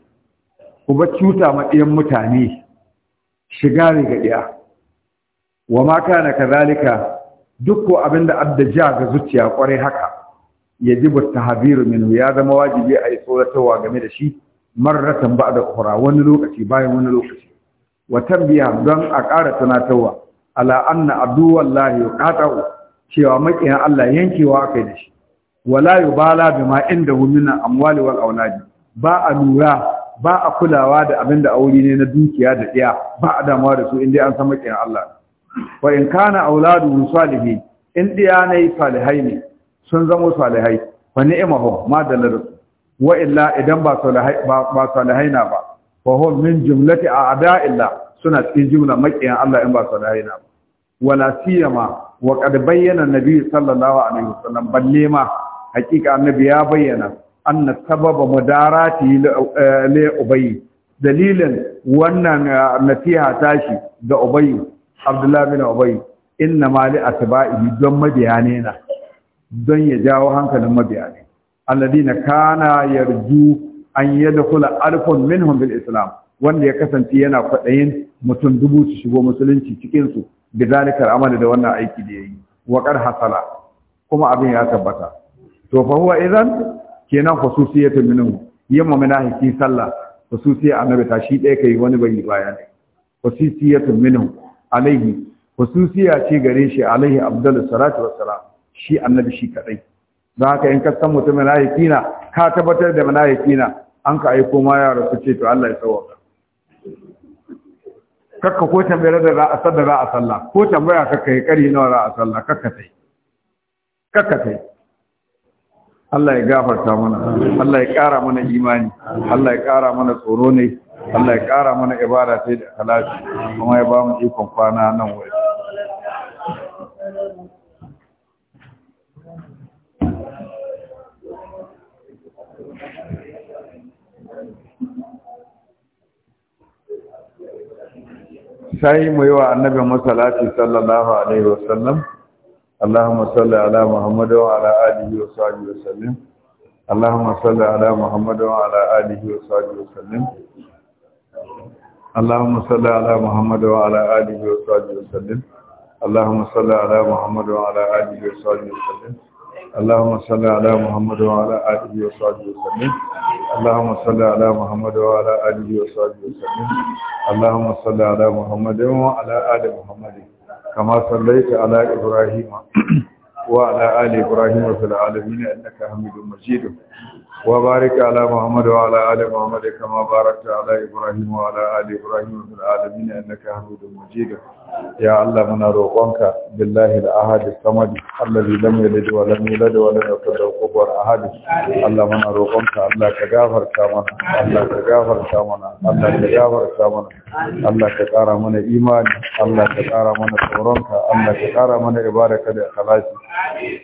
Speaker 1: ku ba cuta matsayin mutane shiga ɗaya. wa ma na kazalika duk ko abinda ja ga zuciya kwarai haka Ya ta habiru minu ya zama wajibi a yi tsoratarwa game da shi marratan da kura wani lokaci bayan wani lokaci wa tambiya don a ƙara tunatarwa ala anna abdullahi yuqata'u cewa makiyan Allah yankewa yi da shi wala yubala bima inda min amwali wal ba a lura ba a kulawa da abin da aure ne na dukiya da ɗaya ba a damuwa da su inda an san maƙiyan Allah wa in kana auladu salihi in ɗiya ne salihai ne sun zamo salihai fa ni'mahu ma dalar wa illa idan ba salihai ba salihai na ba fa hum min jumlati a'da'illah suna cikin jumla maƙiyan Allah in ba salihai na ba wala siyama wa qad bayyana nabi sallallahu alaihi wasallam balle ma hakika annabi ya bayyana anna sababa mudarati li eh, ubayy dalilin wannan eh, nasiha tashi da ubayy abdullahi bin ubayy inna ma li don mabiyane na don ya jawo hankalin mabiyane alladina kana yarju an yadkhula alfun minhum bil islam wanda ya kasance yana kwaɗayin mutum dubu su shigo musulunci cikinsu su zalikar amali da wannan aiki da ya yi waƙar hasala kuma abin ya tabbata to fa huwa idan kenan khususiyatu minhu yamma munafiki sallah khususiya annabi ta shi ɗaya kai wani bai baya ne khususiyatu minhu alaihi khususiya ce gare shi alaihi abdul salatu wassalam shi annabi shi kadai don haka in ka san mutum munafiki hakina ka tabbatar da munafiki hakina an ka aiko ma yara su ce to Allah ya sauka kakka ko tambayar da za a sallah ko tambaya kakka ya kari nawa za a sallah kakka sai kakka sai Allah ya gafarta mana Allah ya ƙara mana imani Allah ya ƙara mana tsoro ne Allah ya ƙara mana ibada sai da halaki kuma ya ba mu ikon kwana nan wai. sai mu yi wa annabin masalati sallallahu alaihi wasallam اللهم صل على محمد وعلى آله وصحبه وسلم اللهم صل على محمد وعلى آله وصحبه وسلم اللهم صل على محمد وعلى آله وصحبه وسلم اللهم صل على محمد وعلى آله وصحبه وسلم اللهم صل على محمد وعلى آله وصحبه وسلم اللهم صل على محمد وعلى آله وصحبه وسلم اللهم صل على محمد وعلى وصحبه وسلم اللهم صل آل محمد kama sallaita ala ibrahima wa ala ali ibrahima fil alamin innaka hamidum majid وبارك على محمد وعلى آل محمد كما باركت على إبراهيم وعلى آل إبراهيم في العالمين إنك حميد مجيد يا الله من روقك بالله الأحد الصمد الذي لم يلد ولم يولد ولم يكن له كفوا أحد الله من روقك الله كغافر كامنا الله كغافر كامنا الله كغافر كامنا الله كقارا من إيمان الله كقارا من صورك الله كقارا من عبادك الإخلاص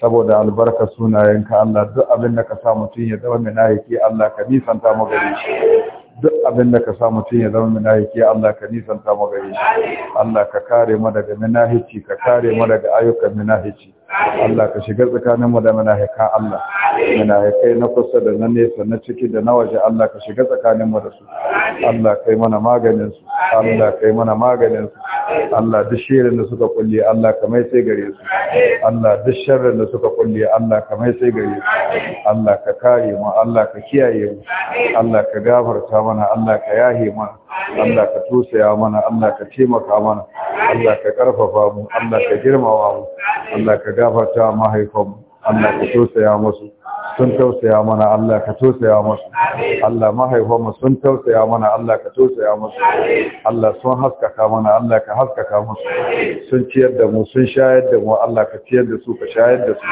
Speaker 1: saboda albarka sunayenka Allah duk abin da ka sa mutum ya zama munafiki Allah ka nisanta ta gare shi duk abin da ka sa mutum ya zama munafiki Allah ka nisanta ta gare shi Allah ka kare mu daga munafici ka kare mu daga ayyukan munafici
Speaker 3: Allah ka
Speaker 1: shiga tsakanin mu da malaika Allah malaikai na kusa da na nesa na ciki da na waje Allah ka shiga tsakanin mu da su Allah kai mana maganin su Allah kai mana maganin su Allah duk shirin da suka kulle Allah ka mai sai gare su Allah duk sharrin da suka kulle Allah ka mai sai gare su Allah ka kare mu Allah ka kiyaye mu Allah ka gafarta mana Allah ka yahe mana Allah ka tosaya mana Allah ka taimaka mana Allah ka karfafa mu Allah ka girmama mu Allah ka gafarta mu. Allah ka tosaya musu sun tausaya mana Allah ka tosaya musu Allah mu sun tausaya mana Allah ka tosaya musu Allah sun haskaka mana Allah ka haskaka musu sun ciyar da mu sun shayar da mu Allah ka ciyar da su ka shayar da su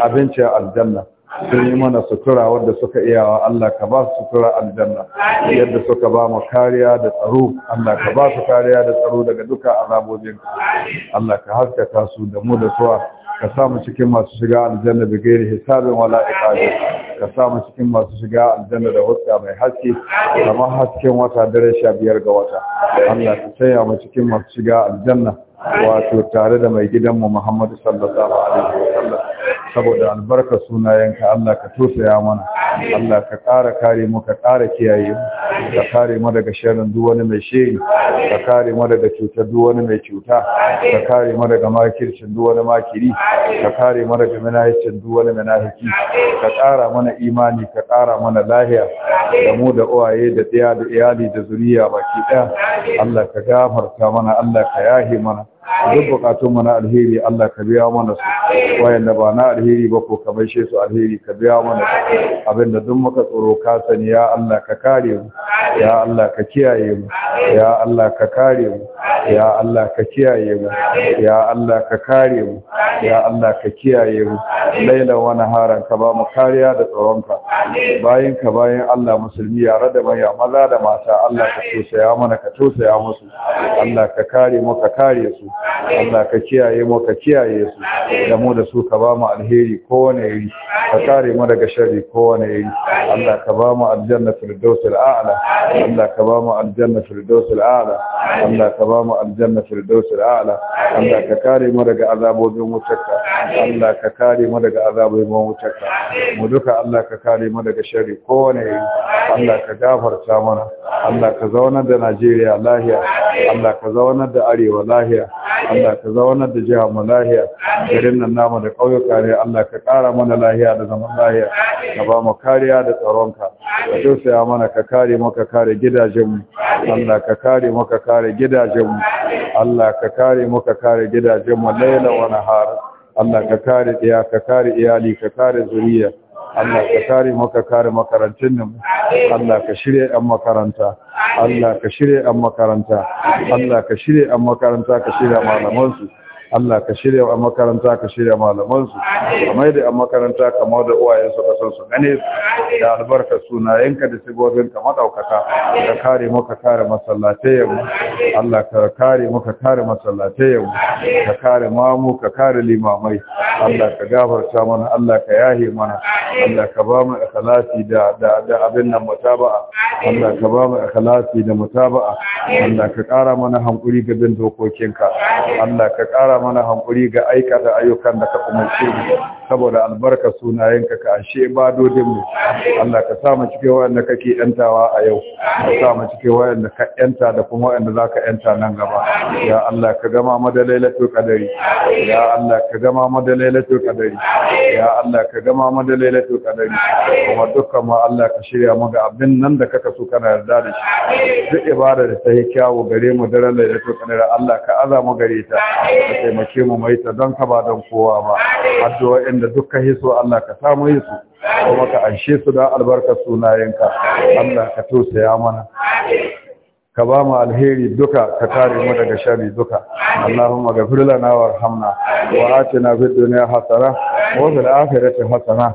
Speaker 1: abincin aljanna sun yi mana sutura wadda suka iyawa Allah ka ba su sutura aljanna yadda suka ba mu kariya da tsaro Allah ka ba su kariya da tsaro daga duka azabobin Allah ka haskaka su da mu da suwa ka samu cikin masu shiga aljanna da gairi hisabin wala iqabi ka samu cikin masu shiga aljanna da wata mai haske kamar hasken wata dare sha biyar ga wata Allah ka tsaya mu cikin masu shiga aljanna wato tare da mai gidanmu Muhammadu sallallahu alaihi wa sallam saboda albarka sunayenka Allah ka tosaya mana Allah ka ƙara kare mu ka ƙara kiyaye mu ka kare mu daga sharrin duk wani mai shiri ka kare mu daga cutar duk wani mai cuta ka kare mu daga makircin duk wani makiri ka kare mu daga minahicin duk wani minahiki ka ƙara mana imani ka ƙara mana lahiya da mu da uwaye da tsaya da iyali da zuriya baki ɗaya Allah ka gafarta mana Allah ka yahi mana duk bukatunmu na alheri Allah ka biya mana su wayanda ba na alheri ba ko ka maishe su alheri ka biya mana abinda duk muka tsoro ka sani ya Allah ka kare mu ya Allah ka kiyaye mu ya Allah ka kare mu ya Allah ka kiyaye mu ya Allah ka kare mu ya Allah ka kiyaye mu laila wa naharan ka ba mu kariya da tsaron ka. Bayin ka bayan Allah musulmi yare da maya maza da mata Allah ka tosaya mana ka tosaya musu Allah ka kare mu ka kare su Allah ka kiyaye mu ka kiyaye su mu da su ka ba mu alheri kowane iri ka kare mu daga sharri kowane iri Allah ka ba mu aljanna firdaus ala, Allah ka ba mu aljanna firdaus ala, Allah ka ba mu aljanna firdaus ala, Allah ka kare mu daga azabobin wutarka Allah ka kare mu daga azabobin wutarka mu duka Allah ka kare mu daga sharri kowane yi, Allah ka gafarta mana Allah ka zaunar da Najeriya lahiya Allah ka zaunar da Arewa lahiya Allah ka zaunar da jihar mu lahiya garin nan garuruwan namu da ƙauyuka ne Allah ka ƙara mana lahiya da zaman lahiya ka ba mu kariya da tsaronka ka tausaya mana ka kare mu ka kare gidajenmu Allah ka kare mu ka kare gidajenmu Allah ka kare mu ka kare gidajenmu laila wa nahar Allah ka kare iya ka kare iyali ka kare zuriya Allah ka kare maka kare makarantun mu Allah ka shirye ɗan makaranta Allah ka shirye ɗan makaranta Allah ka shirye ɗan makaranta ka shirya su. Allah ka shirya a makaranta ka shirya malamansu kamar da a makaranta kamar da uwayensu kasan su gane su da albarka sunayenka da ka madaukaka ka kare maka kare masallatai mu Allah ka kare mu ka kare masallatai yau ka kare mamu ka kare limamai Allah ka gafarta mana Allah ka yahe mana Allah ka ba mu ikhlasi da da da abin nan mutaba'a Allah ka ba mu ikhlasi da mutaba'a Allah ka kara mana hankuri ga bin dokokinka Allah ka kara mana hankuri ga aikata ayyukan da ka umarce mu saboda albarka sunayenka ka ashe ibadodin mu Allah ka sa mu cikin wayanda kake yantawa a yau ka sa mu cikin wayanda ka yanta da kuma wayanda zaka yanta nan gaba ya Allah ka gama mu da lailatul qadari ya Allah ka gama mu da lailatul qadari ya Allah ka gama mu da lailatul qadari kuma dukkan mu Allah ka shirya mu ga abin nan da kaka so kana yarda da
Speaker 3: shi
Speaker 1: duk ibada da ta kyawu gare mu da lailatul qadari Allah ka azama gare ta ka taimake mu mai ta don ka ba don kowa ba addu'o'in waɗanda dukkan hiso Allah ka samu hiso kuma ka anshe su don albarkar sunayenka Allah ka tausaya mana ka ba mu alheri duka ka tare mu daga shari duka Allahumma ghafir lana warhamna wa atina fid dunya hasana wa fil akhirati hasana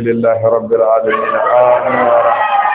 Speaker 1: لله رب العالمين آمين